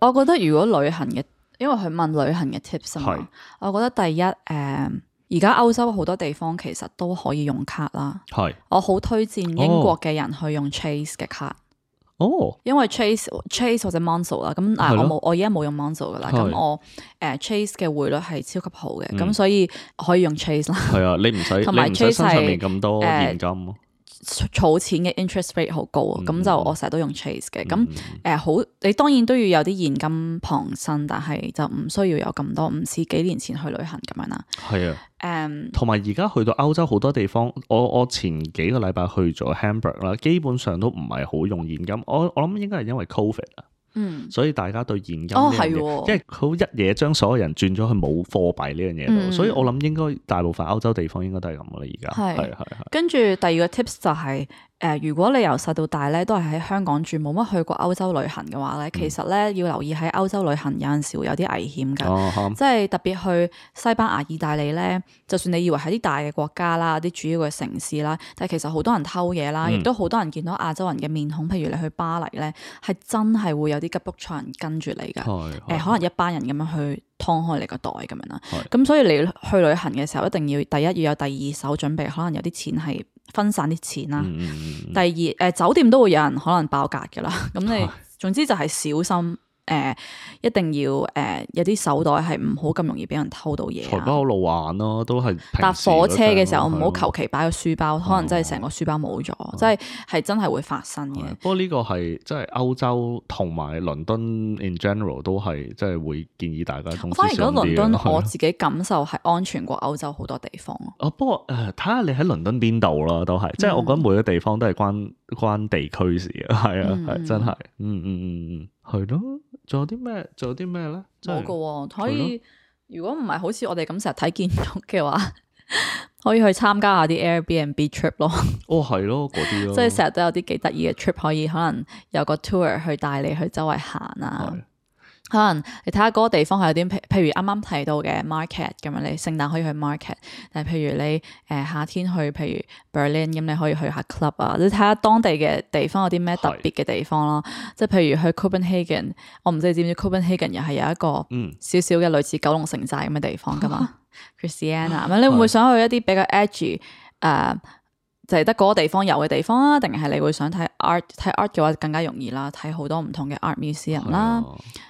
我覺得如果旅行嘅，因為佢問旅行嘅 tips 啊，我覺得第一誒，而家、嗯、歐洲好多地方其實都可以用卡啦，是我好推薦英國嘅人去用 Chase 嘅卡。哦哦，因為 Chase、Chase 或者 Monzo 啦的，咁嗱我冇我而家冇用 Monzo 噶啦，咁的我誒、uh, Chase 嘅匯率係超級好嘅，咁、嗯、所以可以用 Chase 啦。係啊，你唔使同你唔使身上面咁多現金咯。Uh, 儲錢嘅 interest rate 好高啊，咁、嗯、就我成日都用 Chase 嘅，咁誒好，你當然都要有啲現金傍身，但係就唔需要有咁多，唔似幾年前去旅行咁樣啦。係啊、嗯，誒、嗯，同埋而家去到歐洲好多地方，我我前幾個禮拜去咗 Hamburg 啦，基本上都唔係好用現金，我我諗應該係因為 Covid 啊。嗯，所以大家對現金呢樣嘢，哦、因為佢好一嘢將所有人轉咗去冇貨幣呢樣嘢度，嗯、所以我諗應該大部分歐洲地方應該都係咁嘅啦而家。係係係。跟住第二個 tips 就係、是。誒，如果你由細到大咧都係喺香港住，冇乜去過歐洲旅行嘅話咧，其實咧要留意喺歐洲旅行有陣時會有啲危險㗎，即係特別去西班牙、意大利咧，就算你以為係啲大嘅國家啦、啲主要嘅城市啦，但係其實好多人偷嘢啦，亦都好多人見到亞洲人嘅面孔，譬如你去巴黎咧，係真係會有啲吉卜賽人跟住你㗎，誒可能一班人咁樣去劏開你個袋咁樣啦。咁所以你去旅行嘅時候，一定要第一要有第二手準備，可能有啲錢係。分散啲錢啦。嗯、第二，誒、呃、酒店都會有人可能爆格㗎喇。咁 你總之就係小心。誒、呃、一定要誒、呃、有啲手袋係唔好咁容易俾人偷到嘢啊！財不露眼咯，都係、啊。搭火車嘅時候唔好求其擺個書包，啊、可能真係成個書包冇咗，即係係真係會發生嘅。不過呢個係即係歐洲同埋倫敦 in general 都係即係會建議大家。我反而覺得倫敦我自己感受係安全過歐洲好多地方咯、啊。不過誒睇下你喺倫敦邊度啦，都係、嗯、即係我覺得每個地方都係關關地區事啊，係、嗯嗯、啊，係真係，嗯嗯嗯嗯，係咯，仲有啲咩？仲有啲咩咧？多個喎，可以、啊、如果唔係好似我哋咁成日睇建築嘅話， 可以去參加下啲 Airbnb trip 咯。哦，係咯、啊，嗰啲咯，即係成日都有啲幾得意嘅 trip，可以可能有個 tour 去帶你去周圍行啊。可能你睇下嗰個地方係有啲譬譬如啱啱提到嘅 market 咁樣，你聖誕可以去 market。但係譬如你誒、呃、夏天去，譬如 Berlin 咁，你可以去下 club 啊。你睇下當地嘅地方有啲咩特別嘅地方咯。即係是譬如去 Copenhagen，我唔知你知唔知 Copenhagen 又係有一個少少嘅類似九龍城寨咁嘅地方噶嘛？Christiana 咁你會唔會想去一啲比較 edgy 誒、uh,？就係得嗰個地方有嘅地方啊？定係你會想睇 art 睇 art 嘅話，更加容易啦。睇好多唔同嘅 art museum 啦、啊。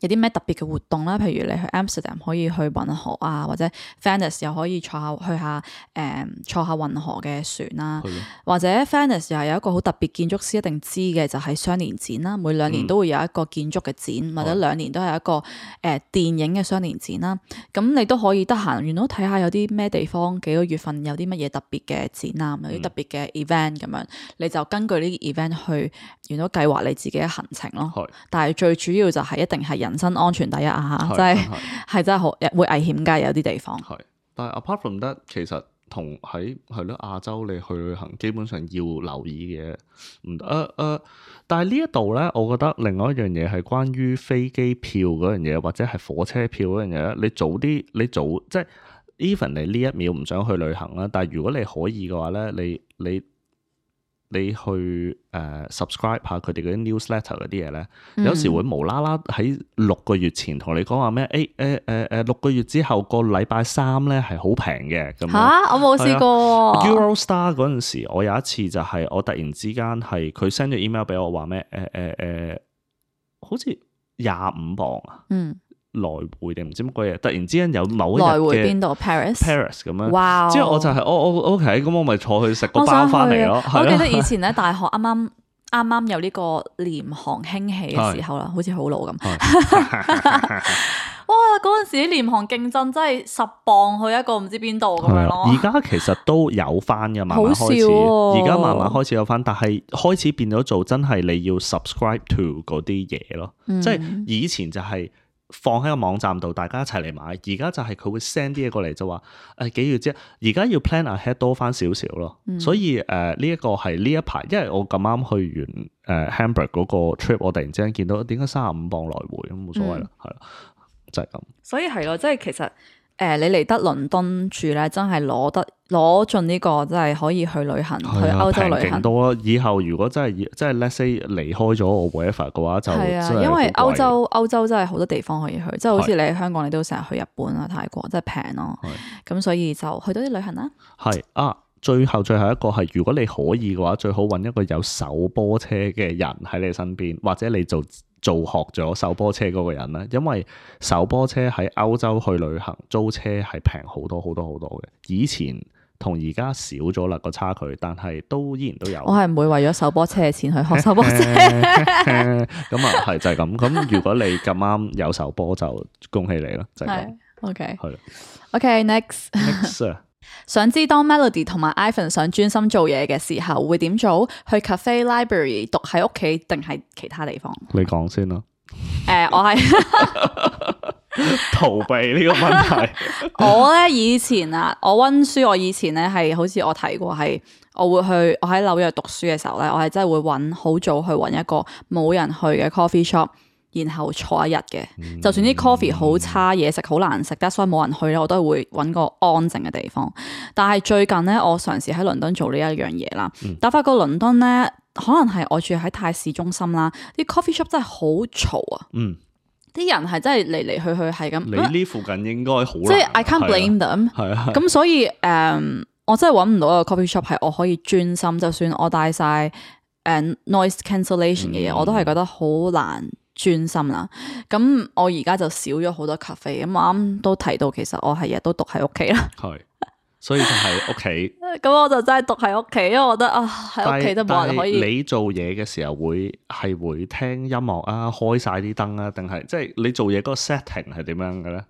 有啲咩特別嘅活動啦？譬如你去 Amsterdam 可以去運河啊，或者 Venice 又可以坐下去下誒、嗯、坐下運河嘅船啦、啊，的或者 Venice 又有一個好特別建築師一定知嘅就係、是、雙年展啦、啊，每兩年都會有一個建築嘅展，嗯、或者兩年都係一個誒、呃、電影嘅雙年展啦、啊。咁你都可以得閒原到睇下有啲咩地方幾個月份有啲乜嘢特別嘅展啊，嗯、有啲特別嘅 event 咁樣，你就根據呢啲 event 去原到計劃你自己嘅行程咯。的但係最主要就係一定係人。人身安全第一啊！吓，是，就是、真係係真係好是會危險噶，有啲地方係。但係 Apart from that，其實同喺係咯亞洲，你去旅行基本上要留意嘅唔誒誒。但係呢一度咧，我覺得另外一樣嘢係關於飛機票嗰樣嘢，或者係火車票嗰樣嘢咧。你早啲，你早即係 even 你呢一秒唔想去旅行啦。但係如果你可以嘅話咧，你你。你你去誒、呃、subscribe 下佢哋嗰啲 newsletter 嗰啲嘢咧，嗯、有時會無啦啦喺六個月前同你講話咩？誒誒誒誒，六個月之後個禮拜三咧係好平嘅咁。嚇、啊！我冇試過。Eurostar、哎、嗰陣時，我有一次就係、係、我突然之間係佢 send 咗 email 俾我話咩？誒誒誒，好似廿五磅啊！嗯。來回定唔知乜鬼嘢，突然之間有某一日嘅來回邊度 Paris Paris 咁樣，之後我就係我我 OK，咁我咪坐去食個包翻嚟咯。我記得以前咧，大學啱啱啱啱有呢個廉航興起嘅時候啦，好似好老咁。哇！嗰陣時廉航競爭真係十磅去一個唔知邊度咁樣咯。而家其實都有翻㗎，慢慢開始。而家慢慢開始有翻，但係開始變咗做真係你要 subscribe to 嗰啲嘢咯。即係以前就係。放喺個網站度，大家一齊嚟買。而家就係佢會 send 啲嘢過嚟就話，誒、哎，幾月啫？而家要 plan ahead 多翻少少咯。嗯、所以誒、呢、呃這個、一個係呢一排，因為我咁啱去完誒、呃、Hamburg 嗰個 trip，我突然之間見到點解三十五磅來回，咁冇所謂啦，係啦、嗯，就係、是、咁。所以係咯，即係其實。誒、呃，你嚟得倫敦住咧，真係攞得攞盡呢個，真係可以去旅行，啊、去歐洲旅行多。到以後如果真係即係 let's say 離開咗我 whatever 嘅話，就係啊，因為歐洲歐洲真係好多地方可以去，即係好似你喺香港，是你都成日去日本啊、泰國，即係平咯。咁是所以就去多啲旅行啦。係啊，最後最後一個係，如果你可以嘅話，最好搵一個有手波車嘅人喺你身邊，或者你做。做學咗手波車嗰個人咧，因為手波車喺歐洲去旅行租車係平好多好多好多嘅，以前同而家少咗啦個差距，但係都依然都有。我係唔會為咗手波車嘅錢去學手波車。咁啊，係就係、是、咁。咁如果你咁啱有手波，就恭喜你啦。就係、是、咁。 OK，係啦。OK，next。 想知當 Melody 同埋 Ivan 想專心做嘢嘅時候會點做？去 cafe、library 讀，喺屋企定係其他地方？你講先啦。誒，我係 逃避呢個問題 我呢。我咧以前啊，我溫書，我以前咧係好似我提過，係我會去我喺紐約讀書嘅時候咧，我係真係會揾好早去揾一個冇人去嘅 coffee shop。然後坐一日嘅，就算啲 coffee 好差，嘢食好難食得，所以冇人去咧，我都係會揾個安靜嘅地方。但係最近咧，我嘗試喺倫敦做呢一樣嘢啦，嗯、但發覺倫敦咧可能係我住喺太市中心啦，啲 coffee shop 真係好嘈啊，啲、嗯、人係真係嚟嚟去去係咁。你呢附近應該好即係，I can't blame them 咁、啊啊、所以誒，um, 我真係揾唔到一個 coffee shop 係我可以專心，就算我戴晒誒 noise cancellation 嘅嘢，嗯、我都係覺得好難。專心啦，咁我而家就少咗好多咖啡，咁我啱都提到，其實我係日日都讀喺屋企啦，係，所以就喺屋企，咁 我就真係讀喺屋企，因為我覺得啊喺屋企都冇人可以。你做嘢嘅時候會係會聽音樂啊，開晒啲燈啊，定係即係你做嘢嗰個 setting 係點樣嘅咧？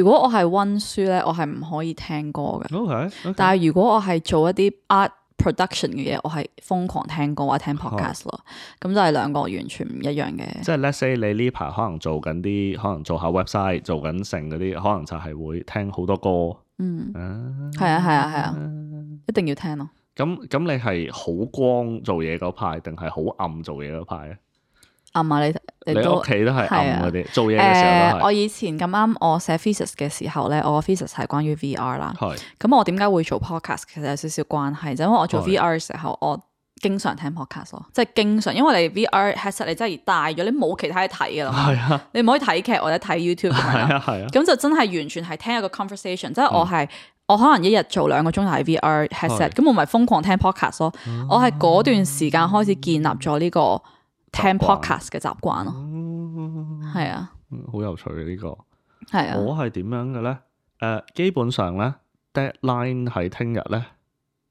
如果我係溫書咧，我係唔可以聽歌嘅，okay, okay. 但係如果我係做一啲啊。production 嘅嘢，我係瘋狂聽歌或者聽 podcast 咯，咁就係兩個完全唔一樣嘅。即係 let's say 你呢排可能做緊啲，可能做下 website，做緊成嗰啲，可能就係會聽好多歌。嗯，係啊係啊係啊，啊啊 uh, 一定要聽咯，啊。咁咁你係好光做嘢嗰派，定係好暗做嘢嗰派啊？暗啊！你你屋企都係暗嗰啲，做嘢嘅時候都係。我以前咁啱我寫 physics 嘅時候咧，我 physics 係關於 VR 啦。咁我點解會做 podcast？其實有少少關係，就因為我做 VR 嘅時候，我經常聽 podcast 咯。即係經常，因為你 VR headset 你真係大咗，你冇其他嘢睇噶啦。你唔可以睇劇或者睇 YouTube。咁就真係完全係聽一個 conversation。即係我係我可能一日做兩個鐘頭 VR headset，咁我咪瘋狂聽 podcast 咯。我係嗰段時間開始建立咗呢個。聽 podcast 嘅習慣咯，係、這個、啊，好有趣嘅呢個。係啊，我係點樣嘅咧？誒，基本上咧，deadline 喺聽日咧，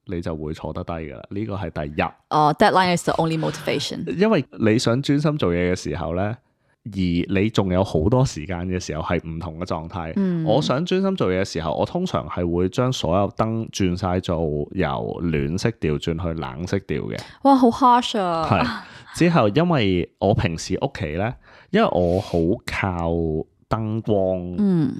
你就會坐得低㗎喇。呢個係第一。哦、oh，deadline is the only motivation。 因為你想專心做嘢嘅時候咧。而你仲有好多時間嘅時候係唔同嘅狀態。嗯、我想專心做嘢嘅時候，我通常係會將所有燈轉晒做由暖色調轉去冷色調嘅。哇，好 harsh 啊！ 係，之後，因為我平時屋企呢，因為我好靠燈光。嗯。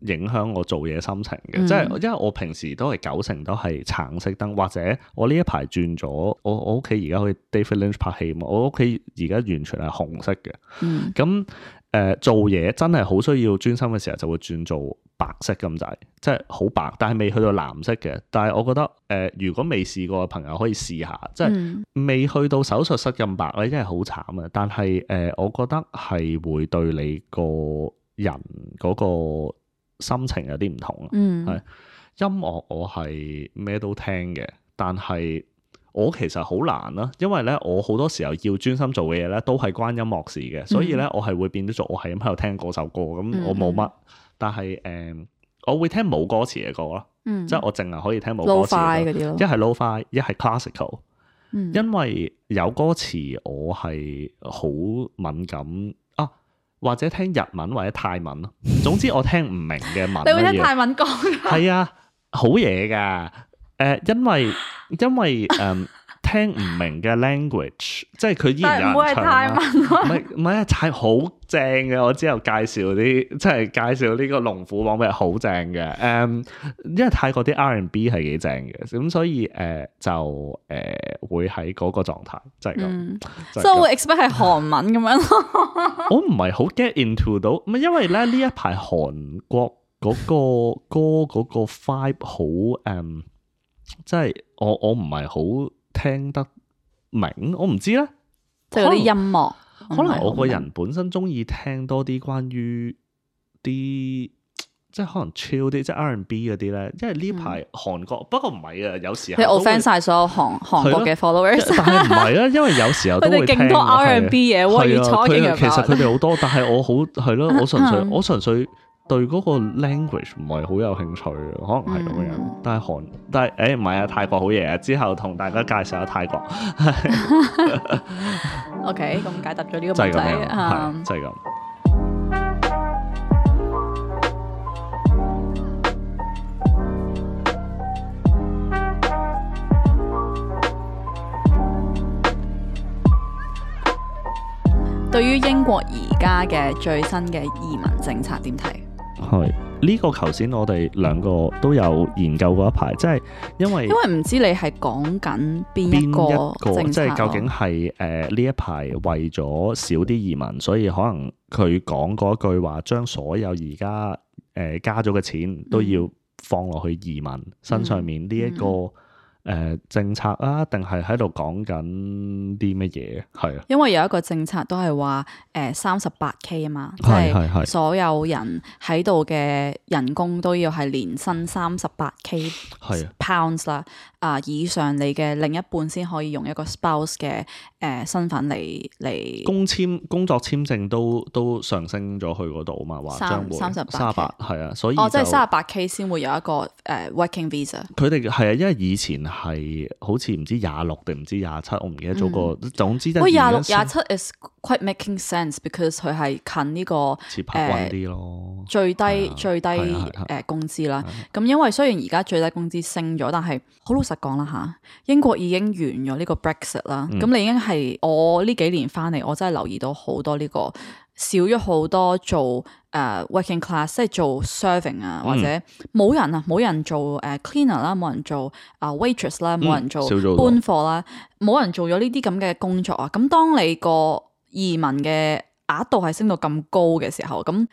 影響我做嘢心情嘅，嗯、即係因為我平時都係九成都係橙色燈，或者我呢一排轉咗，我我屋企而家可以 David Lynch 拍戲嘛？我屋企而家完全係紅色嘅，咁誒、嗯呃、做嘢真係好需要專心嘅時候就會轉做白色咁就，即係好白，但係未去到藍色嘅。但係我覺得誒、呃，如果未試過嘅朋友可以試下，即係未去到手術室咁白咧，真係好慘啊！但係誒、呃，我覺得係會對你個人嗰、那個。心情有啲唔同啊，係、嗯、音樂我係咩都聽嘅，但係我其實好難啦、啊，因為咧我好多時候要專心做嘅嘢咧都係關音樂事嘅，所以咧、嗯、哼我係會變咗做我係咁喺度聽嗰首歌，咁我冇乜。嗯、哼但係誒，uh, 我會聽冇歌詞嘅歌咯，即係、嗯、我淨係可以聽冇歌詞嗰啲咯，一係 low fi，一係 classical，嗯、因為有歌詞我係好敏感。或者聽日文，或者泰文咯，總之我聽唔明嘅文、啊。你會聽泰文講㗎？係啊，好嘢㗎。誒，因為因為誒。呃 聽唔明嘅 language，即係佢依然唔會係泰文囉。唔係唔係啊，泰好、啊、 正嘅。我之後介紹啲，即係介紹呢個龍虎榜咪好正嘅。嗯、um，因為泰國啲 R n B 係幾正嘅，咁所以誒、呃、就誒、呃、會喺嗰個狀態，即係咁。即所以 expect 係韓文咁樣，我唔係好 get into 到。唔係因為咧呢一排韓國嗰、那個那個歌嗰個 vibe 好，嗯，即係我我唔係好。聽得明，我唔知咧，能即係嗰啲音樂，可能我個人本身中意聽多啲關於啲、嗯、即係可能 chill 啲，即係 R n B 嗰啲咧，因為呢排韓國不過唔係啊，有時你 offend 晒所有韓韓國嘅 followers、啊、但係唔係啊，因為有時候都會勁多 R n B 嘢，我覺得其實佢哋好多，但係我好係咯，我純粹我純粹。 對嗰個 language 唔係好有興趣，可能係咁樣。嗯、但係韓，但係誒，唔、欸、係啊，泰國好嘢啊！之後同大家介紹下泰國。 OK，咁解答咗呢個問題啊、嗯。就係、對、咁。就係咁。對於英國而家嘅最新嘅移民政策，點睇？係呢個頭先，我哋兩個都有研究過一排，即係因為因為唔知你係講緊邊個政策、邊一個，即係究竟係誒呢一排為咗少啲移民，所以可能佢講嗰句話，將所有而家誒加咗嘅錢都要放落去移民、嗯、身上面呢一個。嗯誒、呃，政策啊，定係喺度講緊啲乜嘢？係啊，因為有一個政策都係話，誒、呃，三十八 k 啊嘛，即係的所有人喺度嘅人工都要係年薪三十八 k 係的 pounds 啦，啊、呃，以上你嘅另一半先可以用一個 spouse 嘅誒、呃、身份嚟嚟。工簽工作簽證都都上升咗去嗰度啊嘛，話將會三十八係啊，所以哦，即係三十八 k 先會有一個誒、uh, working visa。佢哋係啊，因為以前係好似唔知廿六定唔知廿七，我唔記得咗個總之。喂，廿六廿七 is quite making sense，because 佢係近呢、這個誒、呃、最低、啊、最低誒工資啦。咁、啊啊嗯、因為雖然而家最低工資升咗，但係好老實講啦吓，英國已經完咗呢個 Brexit 啦。咁、嗯、你已經係我呢幾年翻嚟，我真係留意到好多呢、這個。少咗好多做誒、uh, working class，即係做 serving 啊，嗯、或者冇人，人、uh, 啊，冇人做誒 cleaner 啦，冇人做啊 waitress 啦，冇、嗯、人做搬貨啦、啊，冇人做咗呢啲咁嘅工作啊！咁當你個移民嘅額度係升到咁高嘅時候，咁。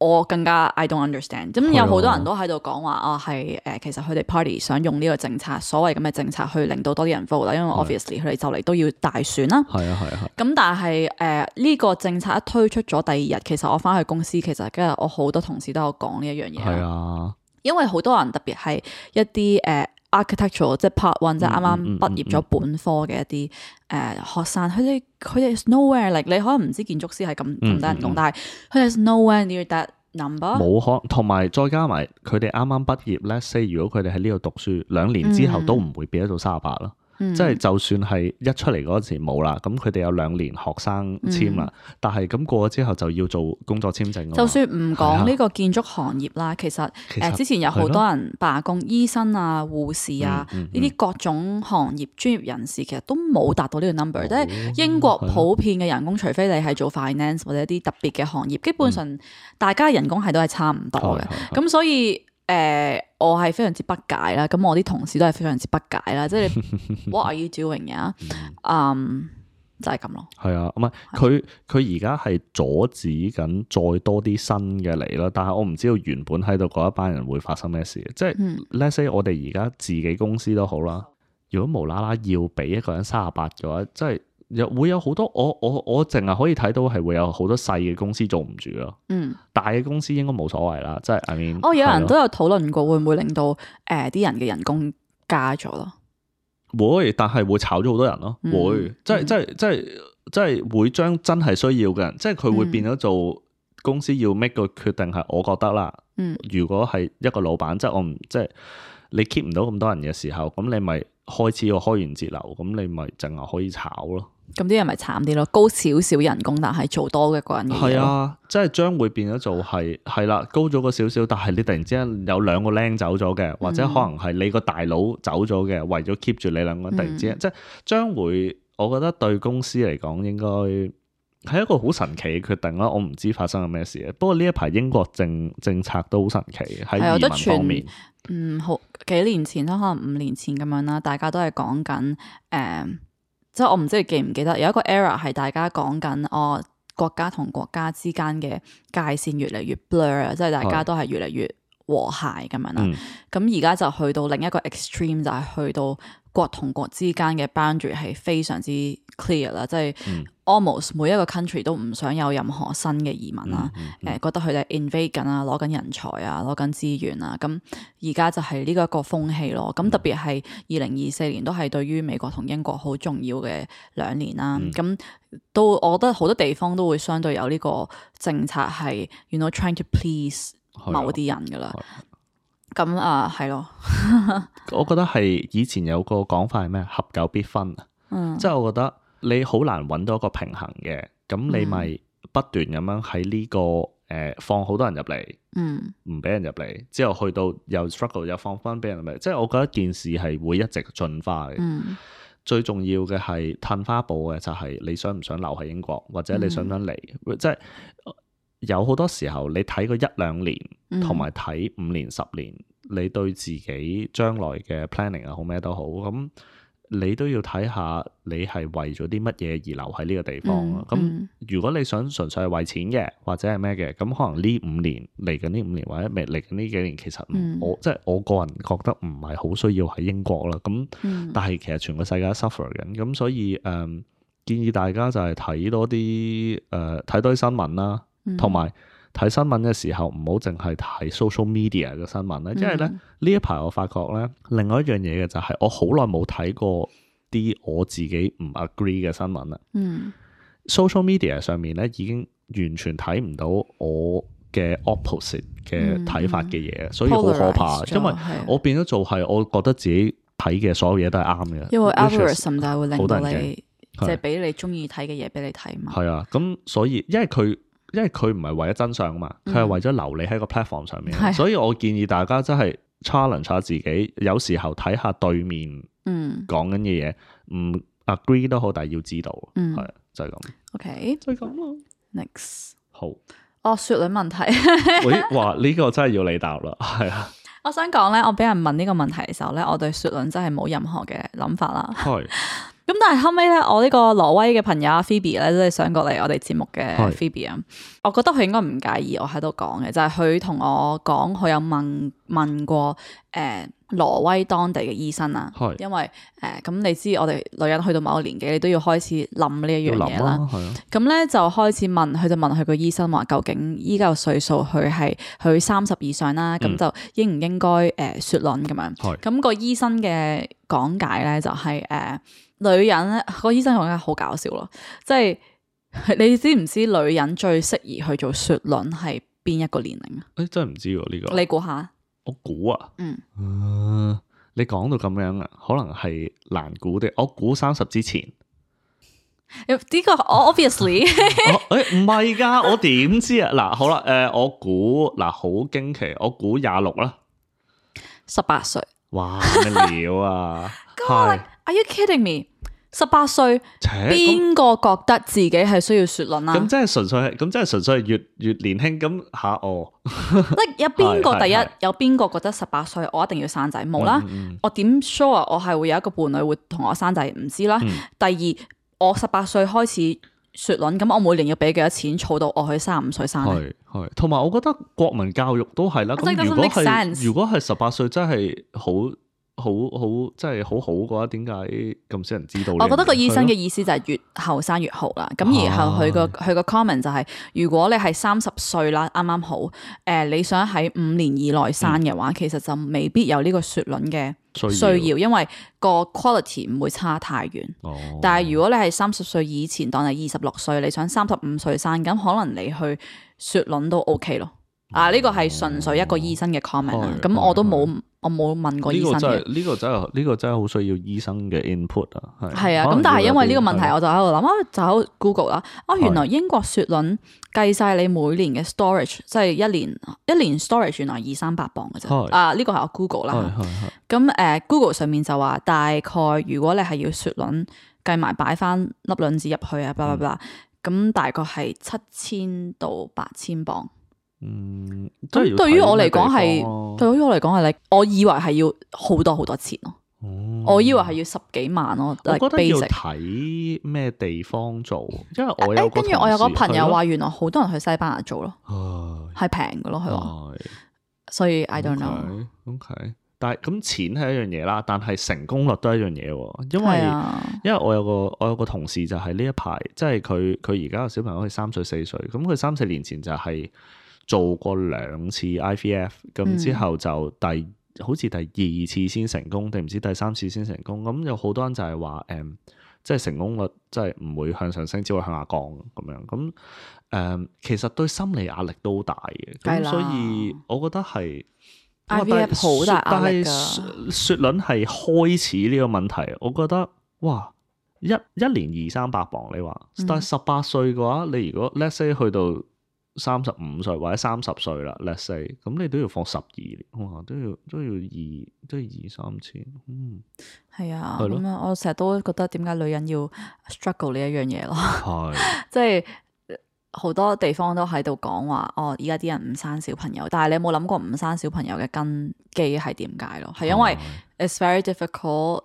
我更加 I don't understand，咁、啊、有好多人都喺度講話啊，係誒、呃，其實佢哋 party 想用呢個政策，所謂咁嘅政策去令到多啲人 vote 啦，因為 obviously 佢哋就嚟、啊、都要大選啦。係啊係啊，咁、啊、但係誒呢個政策一推出咗第二日，其實我翻去公司，其實今日我好多同事都有講呢一樣嘢。係啊，因為好多人特別係一啲誒。呃 architectural 即係 part one 即係啱啱畢業咗本科嘅一啲誒、嗯嗯呃、學生，佢哋佢哋 is nowhere like、嗯嗯、你可能唔知建築師係咁咁多人工，嗯嗯、但係佢哋 nowhere near that number 冇可，同埋再加埋佢哋啱啱畢業咧、嗯、say 如果佢哋喺呢度讀書兩年之後都唔會變做三十八啦。嗯嗯。即係就算係一出嚟嗰陣時冇啦，咁佢哋有兩年學生簽啦，但係咁過咗之後就要做工作簽證㗎。就算唔講呢個建築行業啦，其實誒之前有好多人罷工，醫生啊、護士啊呢啲各種行業專業人士，其實都冇達到呢個 number。即係英國普遍嘅人工，除非你係做 finance 或者一啲特別嘅行業，基本上大家人工係都係差唔多嘅。咁所以。誒、呃，我係非常之不解啦，咁我啲同事都係非常之不解啦，即係 what are you doing 呀、um？ 嗯，就係咁咯。係啊，唔係佢佢而家係阻止緊再多啲新嘅嚟啦，但係我唔知道原本喺度嗰一班人會發生咩事，即係、嗯、let’s say 我哋而家自己公司都好啦，如果無啦啦要俾一個人三十八嘅話，即係。有會有好多我我我淨係可以睇到係會有好多細嘅公司做唔住咯，嗯，大嘅公司應該冇所謂啦，即係我 I mean,、哦、有人都有討論過會唔會令到誒啲、呃、人嘅人工加咗咯，會，但係會炒咗好多人咯，會即、嗯，即係即係即係即係會將真係需要嘅人，即係佢會變咗做公司要 make 個決定係我覺得啦，嗯、如果係一個老闆，即係我唔即係你 keep 唔到咁多人嘅時候，咁你咪開始要開源節流，咁你咪淨係可以炒咯。咁啲人咪慘啲咯，高少少人工，但係做多嘅個人。係啊，即係將會變咗做係係啦，高咗個少少，但係你突然之間有兩個靚走咗嘅，嗯、或者可能係你個大佬走咗嘅，為咗 keep 住你兩個突然之間，嗯、即係將會我覺得對公司嚟講，應該係一個好神奇嘅決定啦。我唔知發生咗咩事啊。不過呢一排英國政政策，都好神奇，喺移民方面，嗯，好幾年前啦，可能五年前咁樣啦，大家都係講緊誒。嗯即係我唔知你記唔記得，有一個 era 係大家講緊，哦，國家同國家之間嘅界線越嚟越 blur 啊，即係大家都係越嚟越和諧咁樣啦。咁而家就去到另一個 extreme，就係去到，國同國之間嘅 boundary 係非常之 clear 啦，即係 almost、嗯、每一個 country 都唔想有任何新嘅移民啦，誒、嗯嗯呃、覺得佢哋 invade 緊啊，攞緊人才啊，攞緊資源啊，咁而家就係呢個一個風氣咯。咁特別係二零二四年都係對於美國同英國好重要嘅兩年啦。咁都、嗯、我覺得好多地方都會相對有呢個政策係，you know trying to please 某啲人㗎啦。咁啊，係咯、嗯， 我覺得係以前有個講法係咩？合久必分，嗯、即係我覺得你好難揾到一個平衡嘅，咁你咪不斷咁樣喺呢個誒、呃、放好多人入嚟，唔俾、嗯、人入嚟，之後去到又 struggle 又放翻俾人入嚟，即係我覺得件事係會一直進化嘅。嗯、最重要嘅係碳花布嘅就係你想唔想留喺英國，或者你想唔想嚟，嗯、即係。有好多時候，你睇個一兩年，同埋睇五年、十年，你對自己將來嘅 planning 啊，好咩都好，咁你都要睇下你係為咗啲乜嘢而留喺呢個地方啊。咁、嗯、如果你想純粹係為錢嘅，或者係咩嘅，咁可能呢五年嚟緊呢五年或者未嚟緊呢幾年，其實我即係、嗯我，就是、我個人覺得唔係好需要喺英國啦。咁、嗯、但係其實全個世界都 suffer 緊，咁所以誒、呃、建議大家就係睇多啲誒睇多啲新聞啦。同埋睇新聞嘅時候，唔好淨係睇 social media 嘅新聞咧，因為咧呢一排我發覺咧，另外一樣嘢嘅就係、是、我好耐冇睇過啲我自己唔 agree 嘅新聞啦。嗯，social media 上面咧已經完全睇唔到我嘅 opposite 嘅睇法嘅嘢，嗯、所以好可怕。嗯、因為我變咗做係，我覺得自己睇嘅所有嘢都係啱嘅。嗯、因為 algorithm 就會令到你即係俾你中意睇嘅嘢俾你睇嘛。係啊，咁所以因為佢。因為佢唔係為咗真相啊嘛，佢係、嗯、為咗留你喺個 platform 上面，的所以我建議大家真係 challenge 下自己，有時候睇下對面，嗯，講緊嘅嘢唔 agree 都好，但係要知道，係、嗯、就係、是、咁。OK，就係咁咯。Next，好，哦，雪卵問題， 喂，哇，呢、這個真係要你答啦，係 啊。我想講咧，我俾人問呢個問題嘅時候咧，我對雪卵真係冇任何嘅諗法啦。係。 咁但係後尾咧，我呢個挪威嘅朋友阿 Phoebe 咧都係上過嚟我哋節目嘅 Phoebe 啊是，我覺得佢應該唔介意我喺度講嘅，就係佢同我講，佢有問問過誒、呃、挪威當地嘅醫生啊，是因為誒咁、呃、你知我哋女人去到某個年紀，你都要開始諗呢一樣嘢啦，係啊，咁咧、啊、就開始問佢就問佢、啊呃、是個醫生話、就是，究竟依家歲數佢係佢三十以上啦，咁就應唔應該誒雪卵咁樣，係咁個醫生嘅講解咧就係誒。女人咧，那個醫生講嘅好搞笑咯，即係你知唔知女人最適宜去做雪卵係邊一個年齡、欸這個、啊？我真係唔知喎呢個。你估下？我估啊，嗯，你講到咁樣啊，可能係難估啲。我估三十之前，呢、這個 obviously，誒唔係噶，我點知啊？嗱，好啦，誒、呃，我估嗱，好驚奇，我估廿六啦，十八歲，哇咩料啊？係。Are you kidding me？十八歲，邊個誒覺得自己係需要雪卵啦？咁真係純粹，咁真係純粹越越年輕咁吓我。嗯哦、 like, 有邊個 是第一？有邊個覺得十八歲我一定要生仔？冇啦、嗯嗯，我點 sure 我係會有一個伴侶會同我生仔？唔知啦。嗯、第二，我十八歲開始雪卵，咁我每年要俾幾多錢，儲到我去三十五歲生仔？係。同埋，我覺得國民教育都係啦。咁 如果係如果係十八歲真係好。好好，好好真係好好嘅話，點解咁少人知道，我覺得個醫生嘅意思就係越後生越好啦。咁的然後佢個佢個 comment 就係，是，如果你係三十歲啦，啱啱好，誒、呃、你想喺五年以內生嘅話，嗯、其實就未必有呢個雪卵嘅需要，需要因為個 quality 唔會差太遠。哦、但係如果你係三十歲以前當你二十六歲，你想三十五歲生，咁可能你去雪卵都 OK 咯。啊！呢個係純粹一個醫生嘅 comment，咁我都冇，我冇問過醫生，呢個真係呢個真係好需要醫生嘅 input 啊。係啊，咁但係因為呢個問題，我就喺度諗啊，就喺 Google 啦。啊，原來英國雪卵計晒你每年嘅 storage，即係一年一年 storage 原來二三百磅嘅啫。啊，呢個係我 Google 啦。咁誒，Google 上面就話大概如果你係要雪卵，計埋擺翻粒卵子入去啊，blah 咁大概係七千到八千磅。嗯，咁、啊、對於我嚟講係，啊、對於我嚟講係你，我以為係要好多好多錢咯、啊，嗯、我以為係要十幾萬咯、啊。我覺得要睇咩地方做，因為我誒，跟住、欸、我有個朋友話，原來好多人去西班牙做咯，係平㗎咯，佢話、係，是所以 I don't know。Okay, OK，但係咁錢係一樣嘢啦，但係成功率都係一樣嘢，因為、啊、因為我有個我有個同事就係呢一排，即係佢佢而家個小朋友係三歲四歲，咁佢三四年前就係、是。做過兩次 IVF，咁之後就第好似第二次先成功，定唔知第三次先成功？咁有好多人就係話誒，即係成功率即係唔會向上升，只會向下降咁樣。咁、嗯、誒，其實對心理壓力都大嘅。咁所以我覺得係但係但係好大壓力㗎。雪雪卵係開始呢個問題，我覺得哇，一一年二三百鎊你話，但係十八歲嘅話，你如果、嗯、let’s say 去到，三十五歲或者三十歲啦，let's say，咁你都要放十二年，哇，都要都要二都要二三千，嗯，係啊，咁啊咯、嗯，我成日都覺得點解女人要 struggle 呢一樣嘢咯，係是，即係好多地方都喺度講話哦，而家啲人唔生小朋友，但係你有冇諗過唔生小朋友嘅根基係點解咯？係因為 it's very difficult。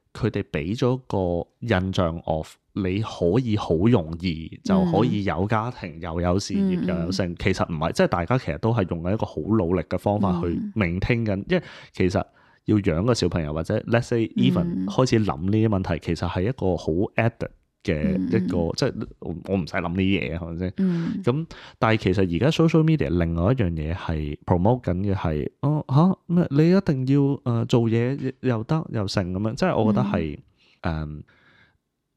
佢哋俾咗個印象 of 你可以好容易就可以有家庭、mm hmm. 又有事業又有成，mm hmm. 其實唔係，即係大家其實都係用緊一個好努力嘅方法去聆聽緊，hmm. 因為其實要養個小朋友或者 let's say even、mm hmm. 開始諗呢啲問題，其實係一個好 added。嘅一個、mm hmm. 即係我唔使諗呢啲嘢，係咪先咁？但係其實而家 social media 另外一樣嘢係 promote 緊嘅係哦嚇咩、啊？你一定要誒、呃、做嘢又得又成咁樣，即係我覺得係誒。Mm hmm. 嗯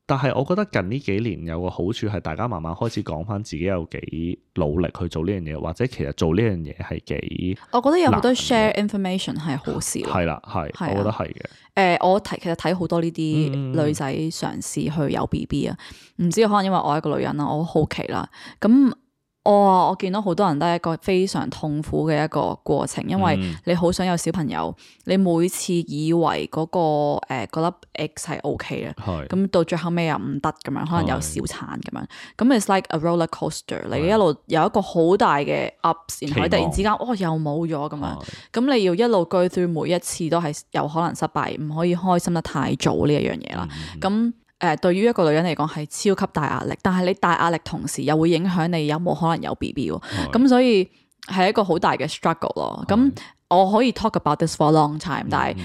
但係，我覺得近呢幾年有個好處係，大家慢慢開始講翻自己有幾努力去做呢樣嘢，或者其實做呢樣嘢係幾，我覺得有好多 share information 係好事。係啦、嗯，係、啊，啊、我覺得係嘅。誒、呃，我睇其實睇好多呢啲女仔嘗試去有 BB 啊，唔知可能因為我係個女人啦，我好奇啦，咁。我我見到好多人都係一個非常痛苦嘅一個過程，因為你好想有小朋友，你每次以為嗰個嗰粒 X 係 OK 啦，咁到最後尾又唔得咁樣，可能又小產咁樣，咁 it's like a roller coaster，你一路有一個好大嘅 ups，然後突然之間哦又冇咗咁樣，咁你要一路 go through 每一次都係有可能失敗，唔可以開心得太早呢一樣嘢啦，咁。誒，對於一個女人嚟講係超級大壓力，但係你大壓力同時又會影響你有冇可能有 BB，咁所以係一個好大嘅 struggle 咯。咁的我可以 talk about this for a long time，但係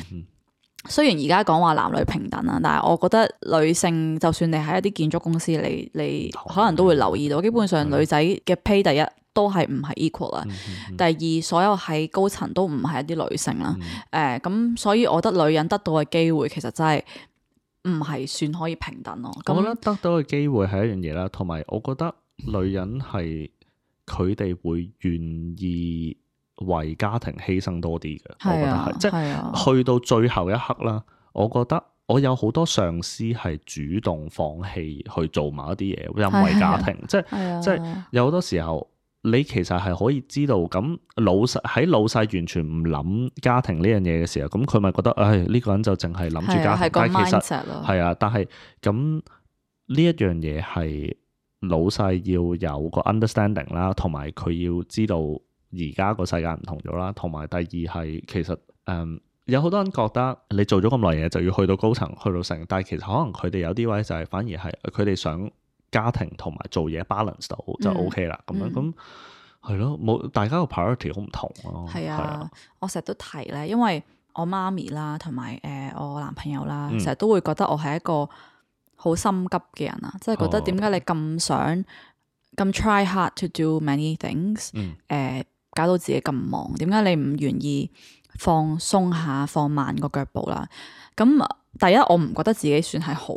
雖然而家講話男女平等啦，但係我覺得女性就算你喺一啲建築公司，你你可能都會留意到，基本上女仔嘅 pay 第一都係唔係 equal 啦，的第二所有喺高層都唔係一啲女性啦。誒的，咁、嗯呃、所以我覺得女人得到嘅機會其實真係。唔係算可以平等咯。我覺得得到嘅機會係一樣嘢啦，同埋我覺得女人係佢哋會願意為家庭犧牲多啲嘅。啊、我覺得係，啊、即係、啊、去到最後一刻啦。我覺得我有好多上司係主動放棄去做某一啲嘢，因為家庭，啊啊、即係、啊、即係有好多時候。你其實係可以知道，咁老細喺老細完全唔諗家庭呢樣嘢嘅時候，咁佢咪覺得，唉呢、呢個人就淨係諗住家庭，的但其實係啊的，但係咁呢一樣嘢係老細要有個 understanding 啦，同埋佢要知道而家個世界唔同咗啦，同埋第二係其實誒、嗯、有好多人覺得你做咗咁耐嘢就要去到高層去到成，但係其實可能佢哋有啲位就係反而係佢哋想。家庭同埋做嘢 balance 到就 OK 啦，咁樣咁係咯，冇大家嘅 priority 好唔同咯。係啊，我成日都提咧，因為我媽咪啦，同埋誒我男朋友啦，成日都會覺得我係一個好心急嘅人啊，即係覺得點解你咁想咁 try hard to do many things，誒搞到自己咁忙，點解你唔願意放鬆下放慢個腳步啦？咁第一，我唔覺得自己算係好。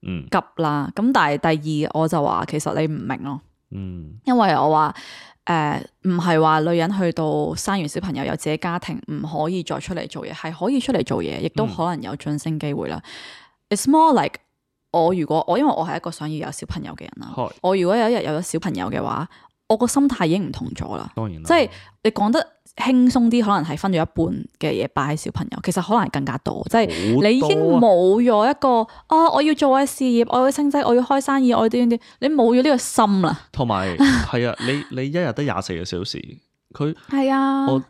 急啦，咁但係第二我就話，其實你唔明咯，嗯、因為我話，誒、呃，唔係話女人去到生完小朋友有自己家庭唔可以再出嚟做嘢，係可以出嚟做嘢，亦都可能有晉升機會啦。嗯、It's more like 我如果我因為我係一個想要有小朋友嘅人啦，嘿我如果有一日有咗小朋友嘅話。我個心態已經唔同咗啦，當然喇，即係你講得輕鬆啲，可能係分咗一半嘅嘢擺喺小朋友，其實可能更加多，即係多、啊、你已經冇咗一個啊、哦，我要做我事業，我要升職，我要開生意，我要點點，你冇咗呢個心啦。同埋係啊，你你一日得廿四個小時，佢係啊。我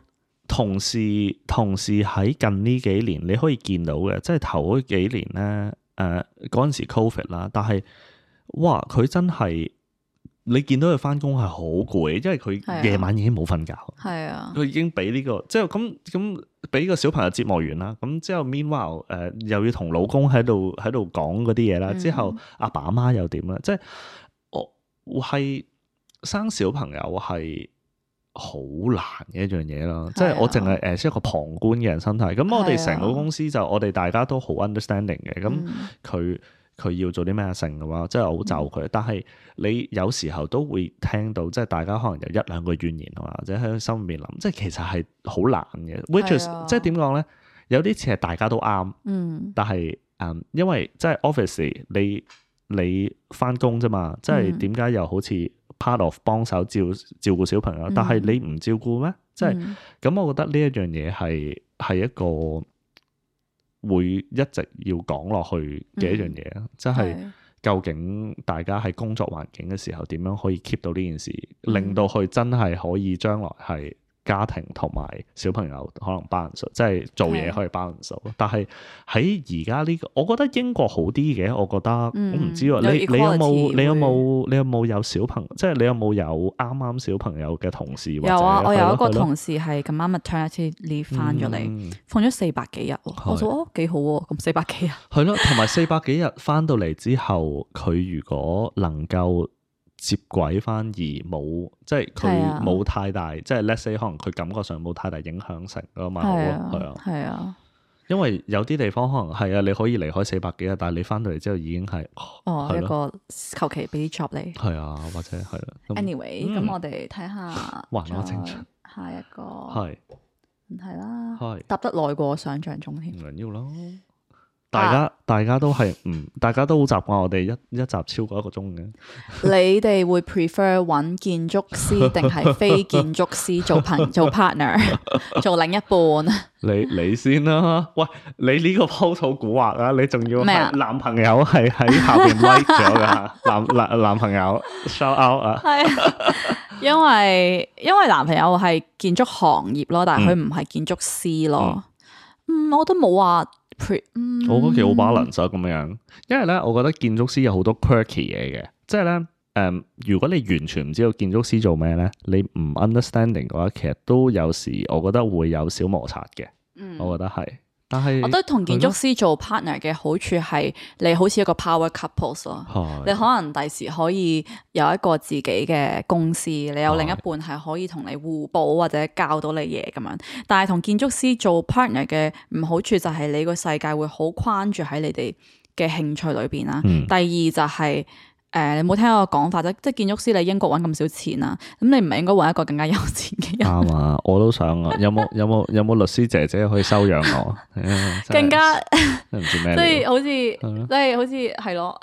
同事同事喺近呢幾年你可以見到嘅，即係頭嗰幾年咧，誒嗰陣時 covid 啦，但係哇佢真係。你見到佢翻工係好攰，因為佢夜晚已經冇瞓覺。係啊，佢已經俾呢、這個即係咁咁俾個小朋友折磨完啦。咁之後 meanwhile 誒、呃、又要同老公喺度喺度講嗰啲嘢啦。之後阿爸阿媽又點咧？即係我係生小朋友係好難嘅一樣嘢囉。即係、啊、我淨係誒，係一個旁觀嘅人身態。咁、啊、我哋成個公司就我哋大家都好 understanding 嘅。咁佢、啊。佢要做啲咩成嘅話，即係好遷就佢。但係你有時候都會聽到，即係大家可能有一兩個怨言啊，或者喺心面諗，即係其實係好難嘅。Which is 即係點講咧？有啲似係大家都啱，嗯，嗯。但係誒，因為即係 office 你你翻工啫嘛，即係點解又好似 part of 幫手照照顧小朋友，但係你唔照顧咩？即係咁，我覺得呢一樣嘢係係一個。會一直要講落去嘅一樣嘢，即係、嗯、究竟大家喺工作環境嘅時候點樣可以 keep 到呢件事，嗯、令到佢真係可以將來係。家庭同埋小朋友可能 balance，即係做嘢可以 balance。但係喺而家呢個，我覺得英國好啲嘅。我覺得，我唔知喎。你你有冇？你有冇？你有冇有小朋友？即係你有冇有啱啱小朋友嘅同事？有啊，我有一個同事係咁啱咪 maternity leave 翻咗嚟，放咗四百幾日。我話哦幾好喎，咁四百幾日。係咯，同埋四百幾日翻到嚟之後，佢如果能夠。接軌反而冇，即係佢冇太大，啊、即係 let's say 可能佢感覺上冇太大影響性咁咪好啊。係啊，因為有啲地方可能係啊，你可以離開四百幾啊，但係你返到嚟之後已經係哦、啊、一個求其俾 job 你作。係啊，或者係啊。anyway，咁、嗯、我哋睇下還我正下一個問題啦。係是。搭是得耐過想象中添。唔緊要啦。大家大家都係唔，大家都好習慣我哋一一集超過一個鐘嘅。 你哋會 prefer 揾建築師定係非建築師做朋 做 partner 做另一半？ 你你先啦、啊，喂，你呢個鋪圖古惑啊？你仲要咩、啊、男朋友係喺下邊 like 咗嘅 男男男朋友 shout out 啊？係、 啊，因為因為男朋友係建築行業咯，但係佢唔係建築師咯，嗯，我都冇話。嗯嗯嗯嗯嗯嗯 Pre, 嗯、我覺得好 balance 啊咁樣，因為咧，我覺得建築師有好多 quirky 嘢嘅，即係咧，誒、嗯，如果你完全唔知道建築師做咩咧，你唔 understanding 嘅話，其實都有時我覺得會有小摩擦嘅，嗯、我覺得係。但係，我都同建築師做 partner 嘅好處係，你好似一個 power couples 咯。你可能第時可以有一個自己嘅公司，你有另一半係可以同你互補或者教到你嘢咁樣。但係同建築師做 partner 嘅唔好處就係你個世界會好關住喺你哋嘅興趣裏邊啦。嗯。第二就係。誒、呃，你冇聽我講法啫，即係建築師你英國揾咁少錢啊，咁你唔係應該揾一個更加有錢嘅人？啱、嗯、啊，我都想啊，有冇有冇 有冇律師姐姐可以收養我？ 更加，所以好似即係好似係咯，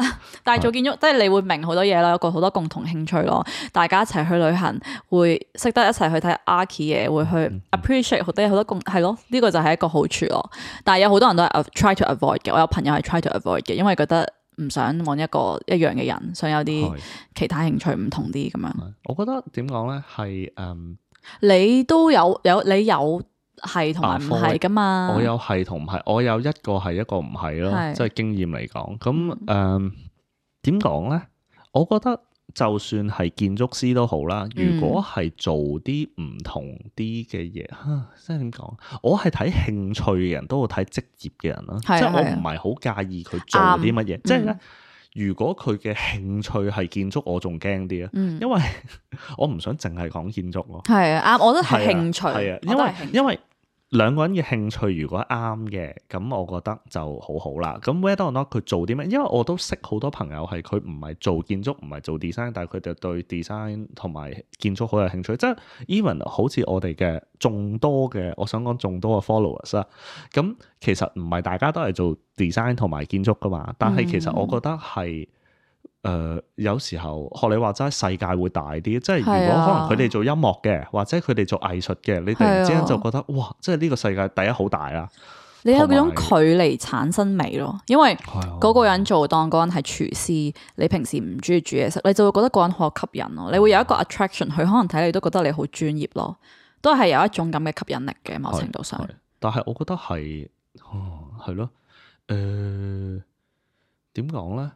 但係做建築即係你會明好多嘢咯，有好多共同興趣咯，大家一齊去旅行會識得一齊去睇阿 arch 嘢，會去 appreciate 好多好多共係咯，呢、這個就係一個好處咯。但係有好多人都係 try to avoid 嘅，我有朋友係 try to avoid 嘅，因為覺得。唔想搵一個一樣嘅人，想有啲其他興趣唔同啲咁樣。 我覺得點講咧，係誒，um, 你都有有你有係同埋唔係㗎嘛、啊。我有係同唔係，我有一個係一個唔係咯，是即係經驗嚟講。咁誒點講咧？我覺得。就算係建築師都好啦，如果係做啲唔同啲嘅嘢，即係點講？我係睇興趣嘅人都會睇職業嘅人啦，啊、即係我唔係好介意佢做啲乜嘢。嗯、即係咧，如果佢嘅興趣係建築，我仲驚啲啊，啊，啊因，因為我唔想淨係講建築。係啊，啱，我都係興趣，係啊，因為因為。兩個人嘅興趣如果啱嘅，咁我覺得就好好啦。咁 Whether or not 佢做啲咩，因為我都識好多朋友係佢唔係做建築、唔係做 design，但係佢哋對 design 同埋建築好有興趣。即係 even 好似我哋嘅眾多嘅，我想講眾多嘅 followers 啦。咁其實唔係大家都係做 design 同埋建築㗎嘛，但係其實我覺得係。嗯誒、呃，有時候學你話齋，世界會大啲。即係如果可能，佢哋做音樂嘅，或者佢哋做藝術嘅，你突然之間就覺得，啊、哇！即係呢個世界第一好大啦、啊。你有嗰種有距離產生美咯，因為嗰個人做當嗰人係廚師，你平時唔中意煮嘢食，你就會覺得嗰人好吸引咯。你會有一個 attraction，佢、啊、可能睇你都覺得你好專業咯，都係有一種咁嘅吸引力嘅某程度上。但係我覺得係，係、嗯、咯，誒，點講咧？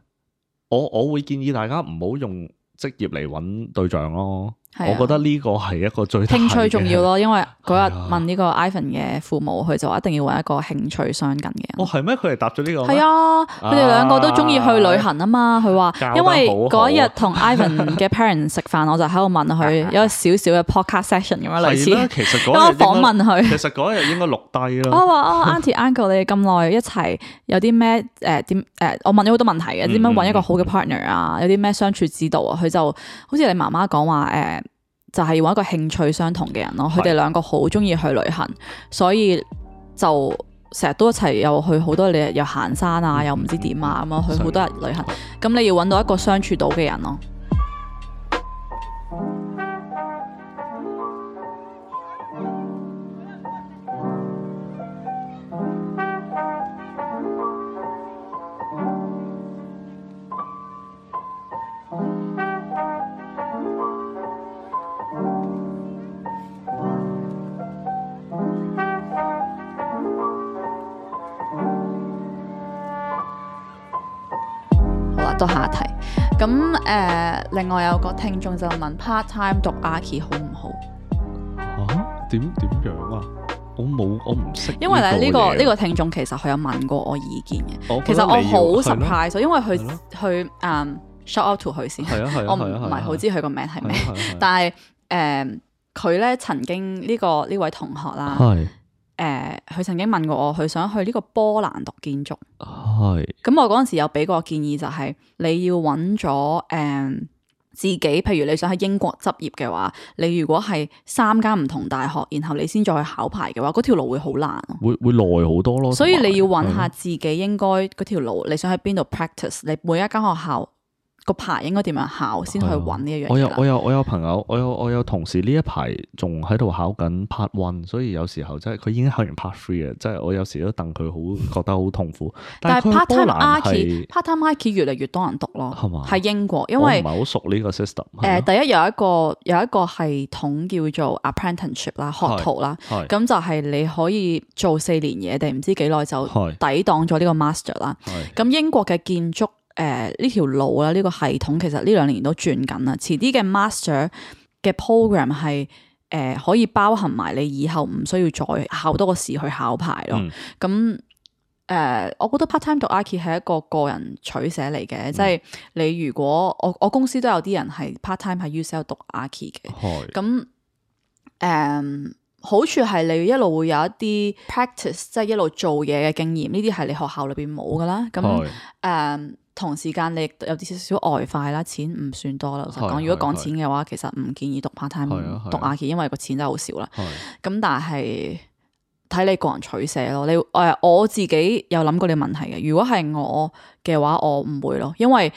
我我會建議大家唔好用職業嚟揾對象咯。我覺得呢個係一個最興趣重要咯，因為嗰日問呢個 Ivan 嘅父母，佢就一定要揾一個興趣相近嘅。哦，係咩？佢哋答咗呢個。係啊，佢哋兩個都中意去旅行啊嘛。佢話，因為嗰日同 Ivan 嘅 parents 食飯，我就喺度問佢有少少嘅 podcast session 咁樣類似。訪問佢，其實嗰日應該錄低啦。我話：Auntie Uncle，你咁耐一齊，有啲咩誒點誒？我問咗好多問題嘅，點樣揾一個好嘅 partner 啊？有啲咩相處之道啊？佢就好似你媽媽講話誒。就係揾一個興趣相同嘅人咯，佢哋是的 兩個好中意去旅行，所以就成日都一齊又去好多日又行山啊，又唔知點啊咁樣去好多日旅行，咁你要揾到一個相處到嘅人咯。咁誒，另外有個聽眾就問 part time 讀 Archie 好唔好？嚇？點點樣啊？我冇，我唔識。因為咧呢個呢個聽眾其實佢有問過我意見嘅，其實我好 surprise，因為佢佢嗯 shout out to 佢先，我唔唔係好知佢個名係咩，但係誒佢咧曾經呢個呢位同學啦。誒，佢、呃、曾經問過我，佢想去呢個波蘭讀建築。係是。咁我嗰陣時有俾個建議，就是，就係你要揾咗誒自己，譬如你想喺英國執業嘅話，你如果係三間唔同大學，然後你先再去考牌嘅話，嗰條路會好難咯。會會耐好多咯。所以你要揾下自己應該嗰條路，你想喺邊度 practice？你每一間學校。個牌應該點樣考先去揾呢一樣？我有我有我有朋友，我有我有同事呢一排仲喺度考緊 part one，所以有時候即係佢已經考完 part three 嘅，即係我有時都戥佢好覺得好痛苦。但係 part time architect part time architect 越嚟越多人讀咯，係嘛？係英國，因為我唔係好熟呢個 system、啊。誒、呃，第一有一個有一個系統叫做 apprenticeship 啦，學徒啦，咁的就係你可以做四年嘢定唔知幾耐就抵擋咗呢個 master 啦。咁的英國嘅建築。誒，呢、呃、條路啦，呢、這個系統其實呢兩年都轉緊啦。遲啲嘅 master 嘅 program 係誒、呃、可以包含埋你以後唔需要再考多個試去考牌咯。咁誒、嗯嗯嗯，我覺得 part time 讀 archie 係一個個人取捨嚟嘅，即係、嗯、你如果我我公司都有啲人係 part time 喺 UCL 讀 archie 嘅。咁誒嘿、嗯，好處係你一路會有一啲 practice，即係一路做嘢嘅經驗，呢啲係你學校裏邊冇噶啦。咁、嗯、誒。嘿嗯同時間你有啲少少外快啦，錢唔算多啦。講如果講錢嘅話，是的是其實唔建議讀 part time 是的是的讀 arch，因為個錢真係好少啦。咁是的、嗯、但係睇你個人取捨咯。你誒、呃、我自己有諗過你個問題嘅。如果係我嘅話，我唔會咯，因為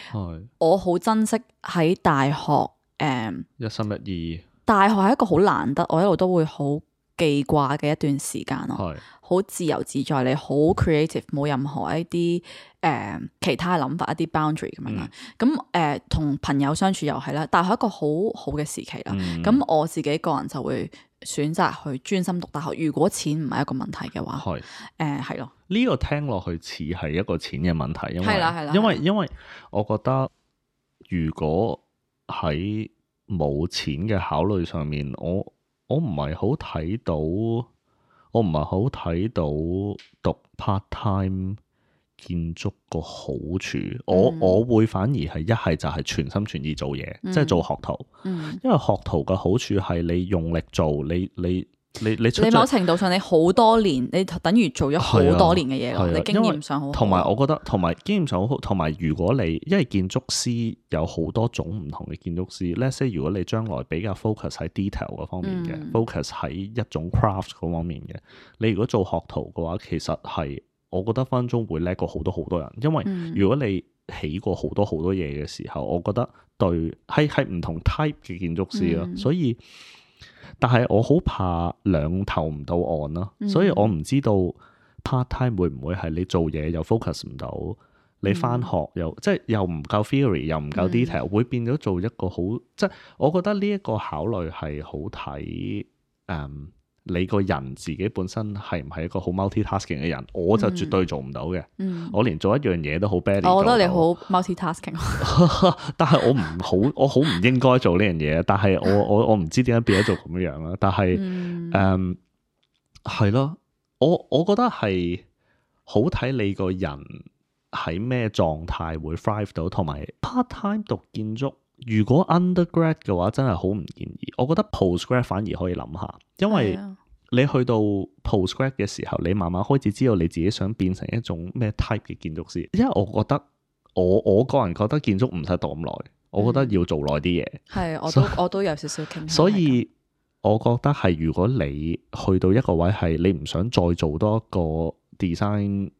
我好珍惜喺大學誒、嗯、一心一意大學係一個好難得，我一路都會好。記掛嘅一段時間咯，好是自由自在，你好 creative，冇任何一啲誒、呃、其他嘅諗法，一啲 boundary 咁、嗯、樣。咁、呃、誒，同朋友相處又係啦，大學一個好好嘅時期啦。咁、嗯、我自己個人就會選擇去專心讀大學。如果錢唔係一個問題嘅話，誒係咯。呢、呃、個聽落去似係一個錢嘅問題，因為係啦、係啦、因為因為我覺得如果喺冇錢嘅考慮上面，我。我唔係好睇到，我唔係好睇到讀 part time 建築個好處。嗯、我我會反而係一係就係全心全意做嘢，嗯、即係做學徒。嗯、因為學徒嘅好處係你用力做，你你。你你某程度上，你好多年，你等於做咗好多年嘅嘢，你經驗上好，同埋我覺得，同埋經驗上好，同埋如果你因為建築師有好多種唔同嘅建築師，Let's say，如果你將來比較 focus 喺 detail 嗰方面嘅、嗯、focus 喺一種 craft 嗰方面嘅，你如果做學徒嘅話，其實係我覺得分分鐘會叻過好多好多人，因為如果你起過好多好多嘢嘅時候，我覺得對係係唔同 type 嘅建築師咯，嗯、所以。但係我好怕兩頭唔到岸咯、啊，嗯、所以我唔知道 part time 會唔會係你做嘢又 focus 唔到，你返學又、嗯、即係又唔夠 theory 又唔夠 detail、嗯、會變咗做一個好即係，我覺得呢一個考慮係好睇誒。Um, 你個人自己本身係唔係一個好 multi-tasking 嘅人？我就絕對做唔到嘅。嗯、我連做一樣嘢都好 bad，我覺得你好 multi-tasking， 但係我唔 好，我好唔應該做呢樣嘢。但係我我我唔知點解變咗做咁樣啦。但係誒，係咯，我我覺得係好睇你個人喺咩狀態會 thrive 到，同埋 part time 讀建築。如果 undergrad 嘅話，真係好唔建議。我覺得 postgrad 反而可以諗下，因為你去到 postgrad 嘅時候，你慢慢開始知道你自己想變成一種咩 type 嘅建築師。因為我覺得我我個人覺得建築唔使讀咁耐，我覺得要做耐啲嘢。係，我都以我都有少少傾。所以我覺得係，如果你去到一個位係，你唔想再做多一個 design，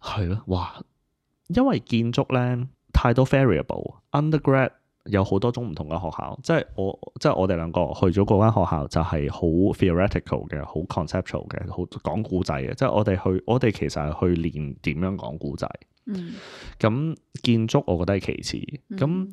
係咯，哇！因為建築咧。太多 variable，undergrad 有好多種唔同嘅學校，即係我即係我哋兩個去咗嗰間學校就係好 theoretical 嘅，好 conceptual 嘅，好講古仔嘅，即係我哋去我哋其實係去練點樣講古仔。嗯，咁建築我覺得係其次。嗯，咁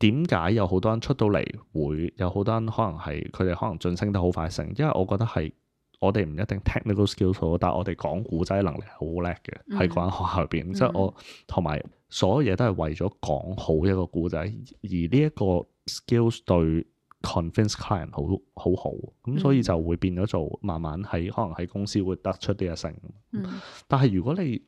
點解有好多人出到嚟會有好多人可能係佢哋可能晉升得好快成？因為我覺得係。我哋唔一定 technical skills，但係我哋講古仔能力好叻嘅，喺嗰間學校入邊，嗯、即係我同埋所有嘢都係為咗講好一個古仔，而呢一個 skills 對 convince client 好好好，咁所以就會變咗做、嗯、慢慢喺可能喺公司會得出啲嘢成。嗯、但係如果你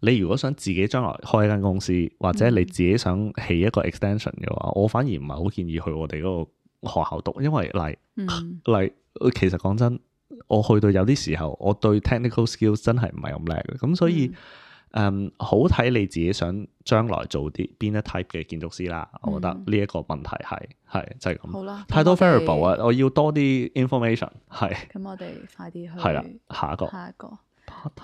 你如果想自己將來開間公司，或者你自己想起一個 extension 嘅話，嗯、我反而唔係好建議去我哋嗰個學校讀，因為嚟嚟、嗯、其實講真。我去到有啲時候，我對 technical skills 真係唔係咁叻嘅，咁所以，嗯，嗯，好睇你自己想將來做啲邊一 type 嘅建築師啦。我覺得呢一個問題係係、嗯、就係、是、咁，嗯、太多 variable 啊，我，我要多啲 information 係。咁我哋快啲去係啦，下一個下一個。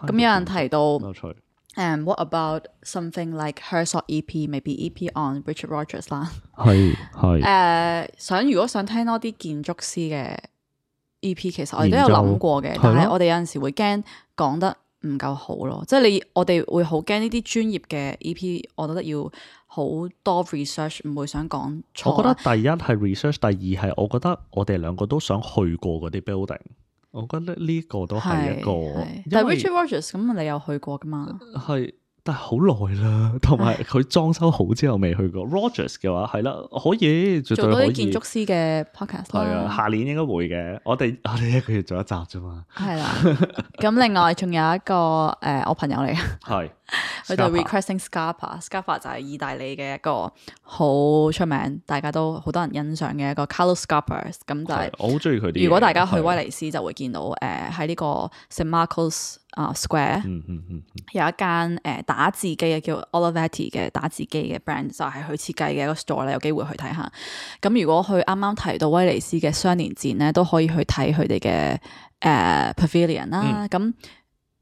咁有人提到有誒、嗯、what about something like Herzog EP？Maybe EP on Richard Rogers 啦。係係誒，想 如果想聽多啲建築師嘅。E.P. 其實我都有諗過嘅，狼但係我哋有陣時會驚講得唔夠好咯，即係你我哋會好驚呢啲專業嘅 E.P. 我覺得要好多 research，唔會想講錯。我覺得第一係 research，第二係我覺得我哋兩個都想去過嗰啲 building，我覺得呢個都係一個。但 Richard Rogers 咁，你有去過噶嘛？係。但係好耐啦，同埋佢裝修好之後未去過。的 Rogers 嘅話係啦，可以，可以做到啲建築師嘅 podcast，啊。係啊，下年應該會嘅。我哋我哋一個月做一集啫嘛。係 啦。咁另外仲有一個誒、呃，我朋友嚟嘅。係。佢就 requesting Scarpa，Scarpa 就係意大利嘅一個好出名，大家都好多人欣賞嘅一個 Carlo Scarpa，咁就我好中意佢啲。如果大家去威尼斯就會見到，誒喺呢個 San Marco 嘅啊 Square，有一間誒打字機嘅叫 Olivetti 嘅打字機嘅 brand 就係佢設計嘅一個 store 啦，有機會去睇下。咁如果佢啱啱提到威尼斯嘅雙年展呢，都可以去睇佢哋嘅誒 pavilion 啦。咁、嗯。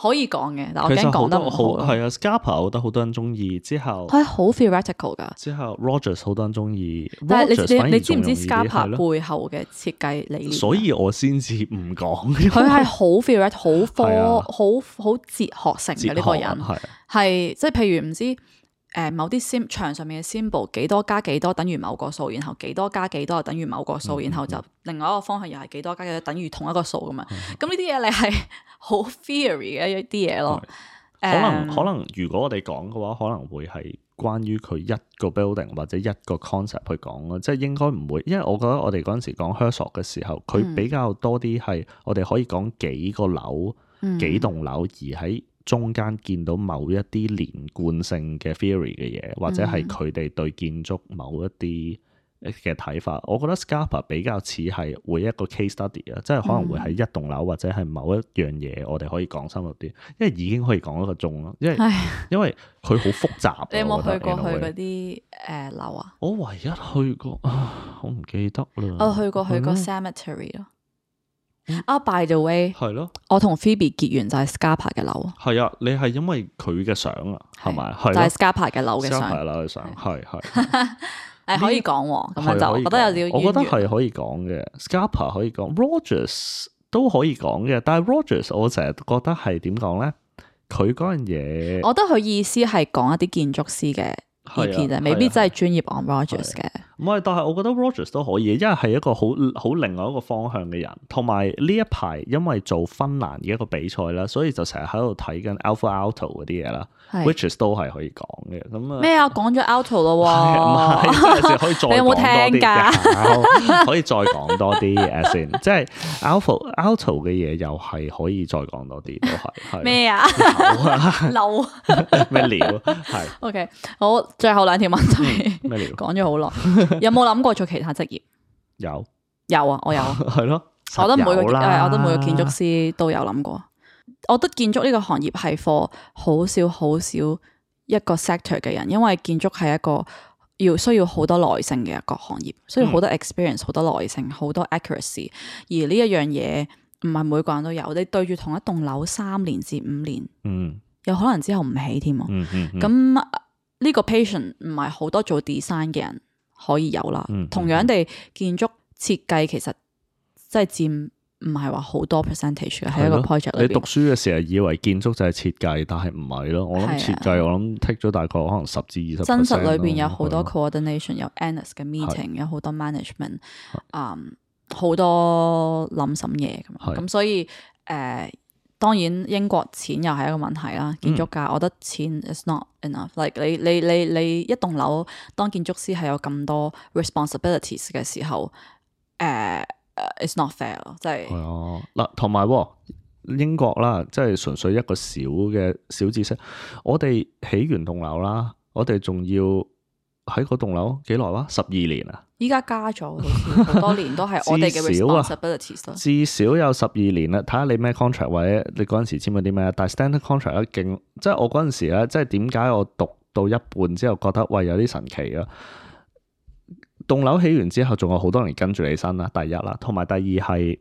可以講嘅，但我驚講得好好。係啊，Scarpa 我覺得好多人中意。之後佢係好 theoretical 噶。The 之後 Rogers 好多人中意。但係你知你知唔知 Scarpa 的背後嘅設計理念？所以我先至唔講。佢係好 theoretical，好科，好好的哲學性嘅呢的個人，係即係譬如唔知。誒某啲 s m 牆上面嘅 symbol 幾多加幾多等於某個數，然後幾多加幾多等於某個數，嗯嗯、然後就另外一個方向又係幾多加幾多等於同一個數嘅嘛。咁呢啲嘢你係好 theory 嘅一啲嘢咯。是 um, 可能可能如果我哋講嘅話，可能會係關於佢一個 building 或者一個 concept 去講咯。即係應該唔會，因為我覺得我哋嗰陣時講 Herzog 嘅時候，佢比較多啲係我哋可以講幾個樓、嗯、幾棟樓而喺。中間見到某一啲連貫性嘅 theory 嘅嘢，或者係佢哋對建築某一啲嘅睇法，嗯、我覺得 Scarpa 比較似係會一個 case study 啊，即係可能會係一棟樓或者係某一樣嘢，我哋可以講深入啲，因為已經可以講一個鐘咯，因為 因為佢好複雜。 你有冇去過去嗰啲誒樓啊？You know, 呃、我唯一去過啊，我唔記得啦。我去過去過 cemetery 咯、嗯。啊，by the way，係咯，我同 Phoebe 結緣就係 Scarpa 嘅樓。係啊，你係因為佢嘅相啊，係咪？係就係 Scarpa 嘅樓嘅相。係啦，相係係。係可以講喎，咁樣就我又要。我覺得係可以講嘅，Scarpa 可以講，Rogers 都可以講嘅。但係 Rogers 我成日覺得係點講咧？佢嗰樣嘢，我覺得佢意思係講一啲建築師嘅。未必真係專業 on Rogers 嘅。唔係，但係我覺得 Rogers 都可以，因為係一個好好、另外一個方向嘅人。同埋呢一排，因為做芬蘭嘅一個比賽啦，所以就成日喺度睇緊 Alvar Aalto 嗰啲嘢啦。which 都係可以講嘅，咁啊咩啊講咗 outro 咯，可以再你有冇聽噶？可以再講多啲啊先，即係 out outro 嘅嘢又係可以再講多啲，都係咩啊漏咩料係？OK，好，最後兩條問題，講咗好耐，有冇諗過做其他職業？有有啊，我有係咯，我覺得每個，我覺得每個建築師都有諗過。我覺得建築呢個行業係 for 好少好少一個 sector 嘅人，因為建築係一個要需要好多耐性嘅一個行業，需要好多 experience、好多耐性、好多 accuracy。而呢一樣嘢唔係每個人都有，你對住同一棟樓三年至五年，嗯，有可能之後唔起添啊、嗯。嗯咁呢、嗯、個 patient 唔係好多做 design 嘅人可以有啦。嗯嗯、同樣地，建築設計其實即係占。唔係話好多 percentage 嘅的一個 project 你讀書嘅時候以為建築就係設計，但係唔係咯。我諗設計，的我諗剔咗大概可能十至二十。真實裏邊有好多 coordination，的有 endless 嘅 meeting，的有好多 management，嗯的，好、um, 多諗什嘢咁所以誒，uh, 當然英國錢又係一個問題啦。建築價，嗯、我覺得錢 is not enough。Like 你你你你,你,你,你,你一棟樓，當建築師係有咁多 responsibilities 嘅時候，誒、uh,。It's not fair，即係是。係嗱、哎，同埋、啊、英國啦，即係純粹一個小嘅小知識。我哋起完棟樓啦，我哋仲要喺嗰棟樓幾耐哇？十二年啊！依家加咗好多年都、 啊，都係我哋嘅 responsibilities。至少有十二年啦，睇下你咩 contract，或者你嗰陣時簽咗啲咩。但係 standard contract 咧，勁即係我嗰陣時咧，即係點解我讀到一半之後覺得喂、哎、有啲神奇啊！棟樓起完之後，仲有好多人跟住你身啦，第一啦，同埋第二係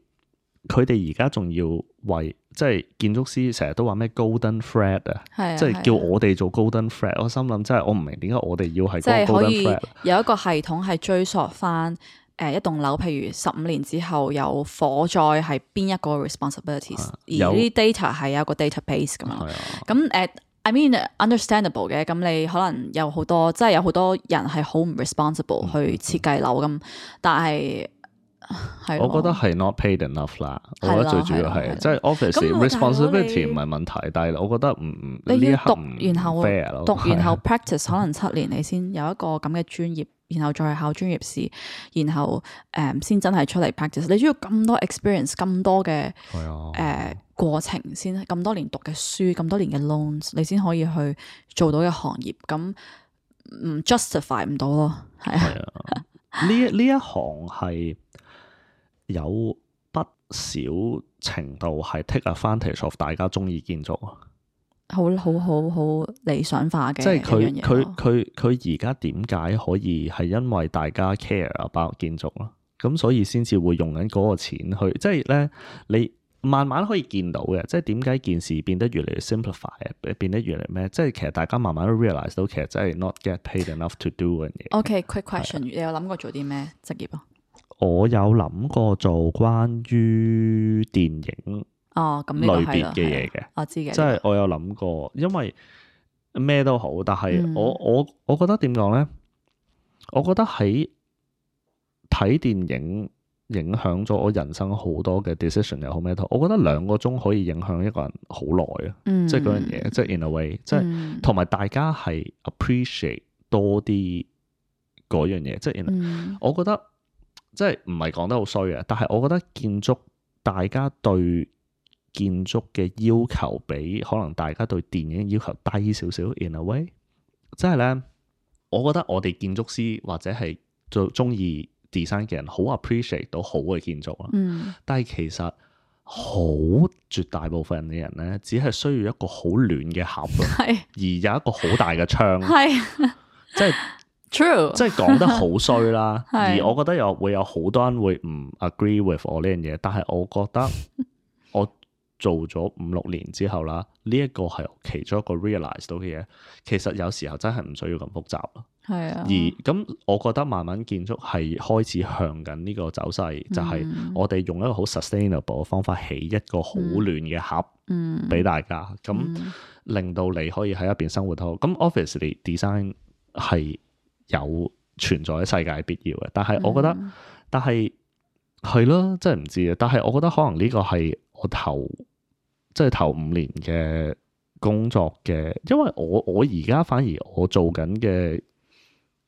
佢哋而家仲要為即係建築師，成日都話咩 golden thread 啊，即係的叫我哋做 golden thread 我心諗，真係我唔明點解我哋要係即係可以有一個系統係追溯翻誒、呃、一棟樓，譬如十五年之後有火災係邊一個 responsibilities，、啊、而呢啲 data 係有一個 database 咁樣。咁誒的。I mean understandable 嘅，咁你可能有好多，即係有好多人係好唔 responsible 去設計樓咁，但係，我覺得係 not paid enough 啦。我覺得最主要係即係 office responsibility 唔係問題，但係我覺得唔唔呢一刻唔 fair 咯。讀然後 practice 可能七年，你先有一個咁嘅專業，然後再考專業試，然後誒先真係出嚟 practice。你需要咁多 experience，咁多嘅誒。過程先咁多年讀嘅書，咁多年嘅 loans，你先可以去做到嘅行業，咁唔 justify 唔到咯，係啊。呢呢、啊、 一行係有不少程度係 take advantage of 大家中意建築啊，好好好好理想化嘅。即係佢佢佢佢而家點解可以係因為大家 care 啊，包括建築咯，咁所以先至會用緊嗰個錢去，即係咧你。慢慢可以見到嘅，即係點解件事變得越嚟越 simplify，變得越嚟咩？即係其實大家慢慢都 realise 到，其實真係 not get paid enough to do 樣嘢。OK，quick question，呀你有諗過做啲咩職業啊？我有諗過做關於電影哦，咁類別嘅嘢嘅，我知嘅。即係我有諗過，因為咩都好，但係我、嗯、我我覺得點講咧？我覺得喺睇電影。影響咗我人生好多嘅 decision 又好咩？我覺得兩個鐘可以影響一個人好耐啊，即係嗰樣嘢，即係 in a way，即係同埋大家係 appreciate 多啲嗰樣嘢，即係 in a way，嗯、我覺得即係唔係講得好衰啊。但係我覺得建築大家對建築嘅要求比可能大家對電影嘅要求低少少。In a way，即係咧，我覺得我哋建築師或者係做中意。design 嘅人好 appreciate 到好嘅建築啊，嗯、但係其實好絕大部分嘅人咧，只係需要一個好暖嘅盒咯，是而有一個好大嘅窗，即係 true，即係講得好衰啦。 是而我覺得又會有好多人會唔 agree with 我呢樣嘢，但係我覺得我做咗五六年之後啦，呢、這、一個係其中一個 realize 到嘅嘢，其實有時候真係唔需要咁複雜咯、啊。係啊，而咁我覺得慢慢建築係開始向緊呢個走勢，嗯、就係我哋用一個好 sustainable 嘅方法起一個好暖嘅盒，嗯，俾大家咁令到你可以喺入邊生活得好。咁 office design 係有存在喺世界必要嘅，但係我覺得，嗯、但係係咯，真係唔知啊。但係我覺得可能呢個係我頭即係、就是、頭五年嘅工作嘅，因為我我而家反而我做緊嘅。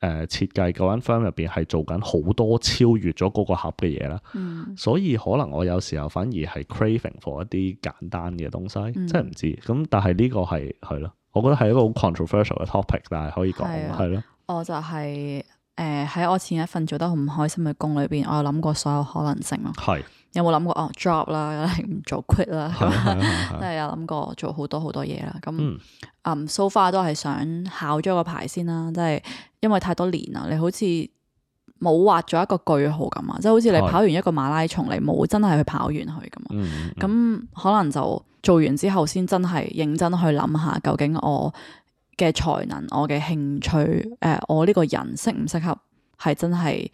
誒、呃、設計嗰間 firm 入邊係做緊好多超越咗嗰個盒嘅嘢啦，嗯、所以可能我有時候反而係 craving for 一啲簡單嘅東西，即係唔知咁、嗯。但係呢個係係咯，我覺得係一個好 controversial 嘅 topic，但係可以講係咯。啊、啦我就係誒喺我前一份做得好唔開心嘅工裏邊，我有諗過所有可能性咯。係。有冇諗過哦 drop 啦，唔做 quit 啦，都係 有諗過做好多好多嘢啦。咁嗯、um，so far 都係想考咗個牌先啦，即係因為太多年啦，你好似冇畫咗一個句號咁啊，即、就、係、是、好似你跑完一個馬拉松，你冇真係去跑完去咁啊。咁、嗯嗯、可能就做完之後，先真係認真去諗下，究竟我嘅才能、我嘅興趣、誒、呃、我呢個人適唔適合？係真係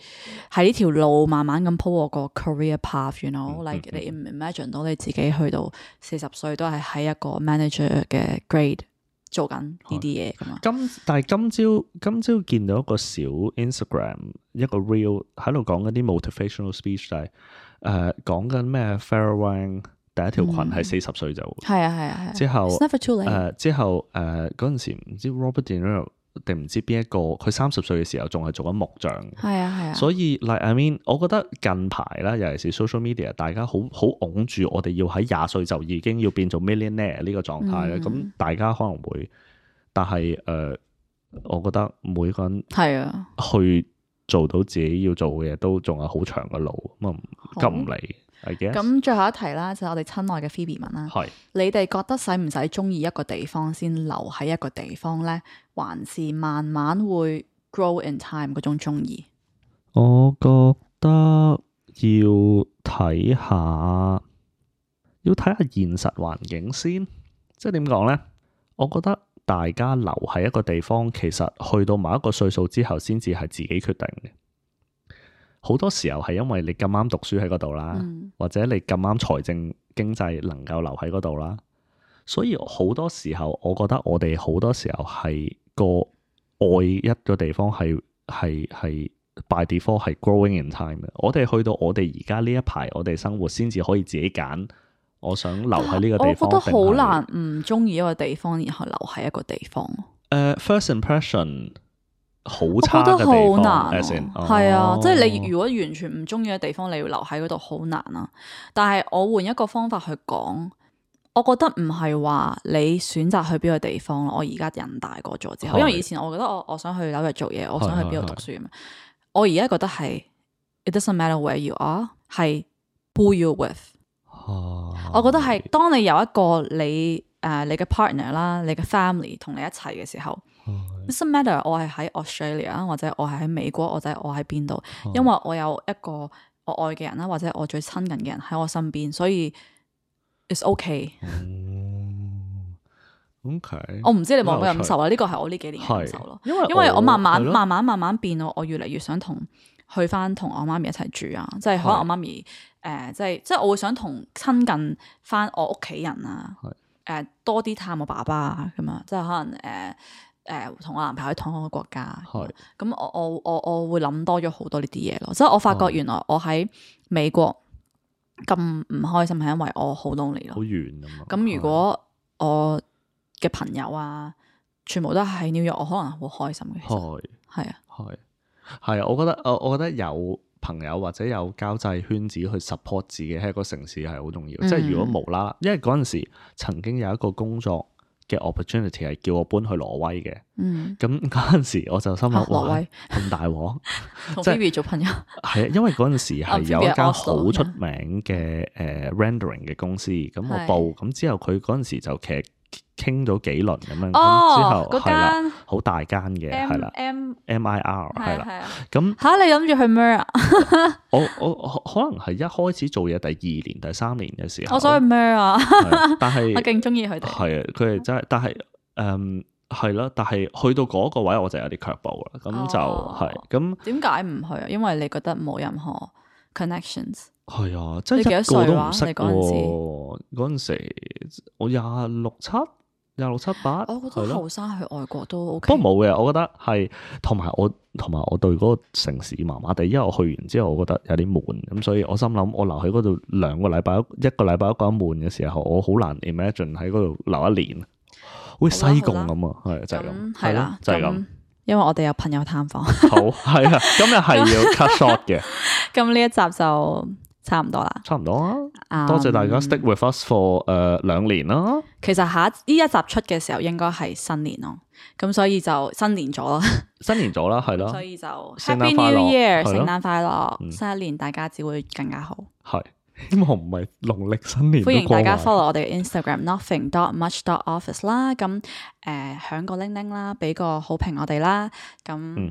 喺呢條路慢慢咁鋪我個 career path，原來我 like 你唔 imagine 到你自己去到四十歲都係喺一個 manager 嘅 grade 做緊呢啲嘢噶嘛？今但係今朝今朝見到一個小 Instagram 一個 reel 喺度講緊啲 motivational speech 就係誒講緊咩 Faraway 第一條裙係四十歲就係啊係啊，啊，啊，啊，啊，之後誒、呃、之後誒嗰陣時唔知 Robert 定唔知邊一個？佢三十歲嘅時候仲係做緊木匠。係啊係啊。啊所以嗱、like，I mean，我覺得近排啦，尤其是 social media，大家好好擁住，我哋要喺廿歲就已經要變做 millionaire 呢個狀態咧。咁、嗯、大家可能會，但係誒、呃，我覺得每個人係啊，去做到自己要做嘅嘢都仲係好長嘅路，咁啊急唔嚟。嗯。咁、uh, yes. 最後一題啦，就係、係、我哋親愛嘅 Phoebe 問啦，係你哋覺得使唔使中意一個地方先留喺一個地方咧，還是慢慢會 grow in time 嗰種中意？我覺得要睇下，要睇下現實環境先。即係點講咧？我覺得大家留喺一個地方，其實去到某一個歲數之後，先至係自己決定嘅。好多時候係因為你咁啱讀書喺嗰度啦，嗯、或者你咁啱財政經濟能夠留喺嗰度啦，所以好多時候我覺得我哋好多時候係個愛一個地方係係係 by default 係 growing in time 嘅。我哋去到我哋而家呢一排，我哋生活先至可以自己揀，我想留喺呢個地方。我覺得好難唔中意一個地方，然後留喺一個地方。嗯、first impression。好差嘅地方，等下係啊，即係你如果完全唔中意嘅地方，你要留喺嗰度好難啊！但係我換一個方法去講，我覺得唔係話你選擇去邊個地方咯。我而家人大個咗之後，的因為以前我覺得我我想去紐約做嘢，我想去邊度讀書，是的是的我而家覺得係 It doesn't matter where you are，係 who you are with 的。我覺得係當你有一個你誒你嘅 partner 啦，你嘅 family 同你一齊嘅時候。唔使 matter，我係喺 Australia 啊，或者我係喺美國，或者我喺邊度，因為我有一個我愛嘅人啦，或者我最親近嘅人喺我身邊，所以 it's okay。嗯，OK。我唔知你有冇咁感受啦，呢個係我呢幾年感受咯。因為是因為我慢慢的慢慢慢慢變到，我越嚟越想同去翻同我媽咪一齊住啊，即係可能我媽咪誒，即係即係我會想同親近翻我屋企人啊，誒多啲探我爸爸咁啊，即係可能誒。呃誒，同我男朋友喺同一個國家，咁是我我我我會諗多咗好多呢啲嘢咯，即係我發覺原來我喺美國咁唔開心，係因為我好 lonely 咯，好遠啊嘛。咁如果我嘅朋友啊，的全部都喺紐約，我可能好開心嘅，係係啊，係係啊，我覺得我我覺得有朋友或者有交際圈子去 support 自己喺一個城市係好重要。嗯、即係如果無啦啦，因為嗰陣時曾經有一個工作。嘅 opportunity 係叫我搬去挪威嘅，咁嗰陣時我就心諗、啊，挪威咁大鑊，即係同 Phoebe 做朋友係啊， 因為嗰陣時係有一間好出名嘅誒、 uh, rendering 嘅公司，咁我報，咁的之後佢嗰陣時就劇。傾咗幾輪咁樣，之後係啦，好大間嘅，係啦，M M M I R 係啦，咁嚇你諗住去 m 咩啊？我我可能係一開始做嘢第二年、第三年嘅時候，我想去 MIR 啊。但係我勁中意佢哋，係啊，佢哋真係，但係誒係咯，但係去到嗰個位我就有啲卻步啦，咁就係咁。點解唔去啊？因為你覺得冇任何 connections 係啊，真係一個都唔識喎。嗰時我廿六七、廿六七八，我覺得後生去外國都 OK。不過冇嘅，我覺得係同埋我同埋我對嗰個城市麻麻地，因為我去完之後，我覺得有啲悶。咁所以我心諗，我留喺嗰度兩個禮拜，一個禮拜覺得悶嘅時候，我好難 imagine 喺嗰度留一年，會西貢咁啊，係就係咁，係啦，就係、係、咁。因為我哋有朋友探訪， 好係啊，今日係要 cut short 嘅。咁呢 一集就。差唔多啦，差唔多啊！多謝大家、嗯、stick with us for 誒、uh, 兩年啦。其實下一呢一集出嘅時候應該係新年咯，咁所以就新年咗啦，新年咗啦，係咯。 所以就 Happy New Year，聖誕快樂，新一年大家只會更加好。係呢個唔係農曆新年，歡迎大家 follow 我哋 Instagram nothing dot much dot office 啦。咁誒響個鈴鈴啦，俾個好評我哋啦。咁。嗯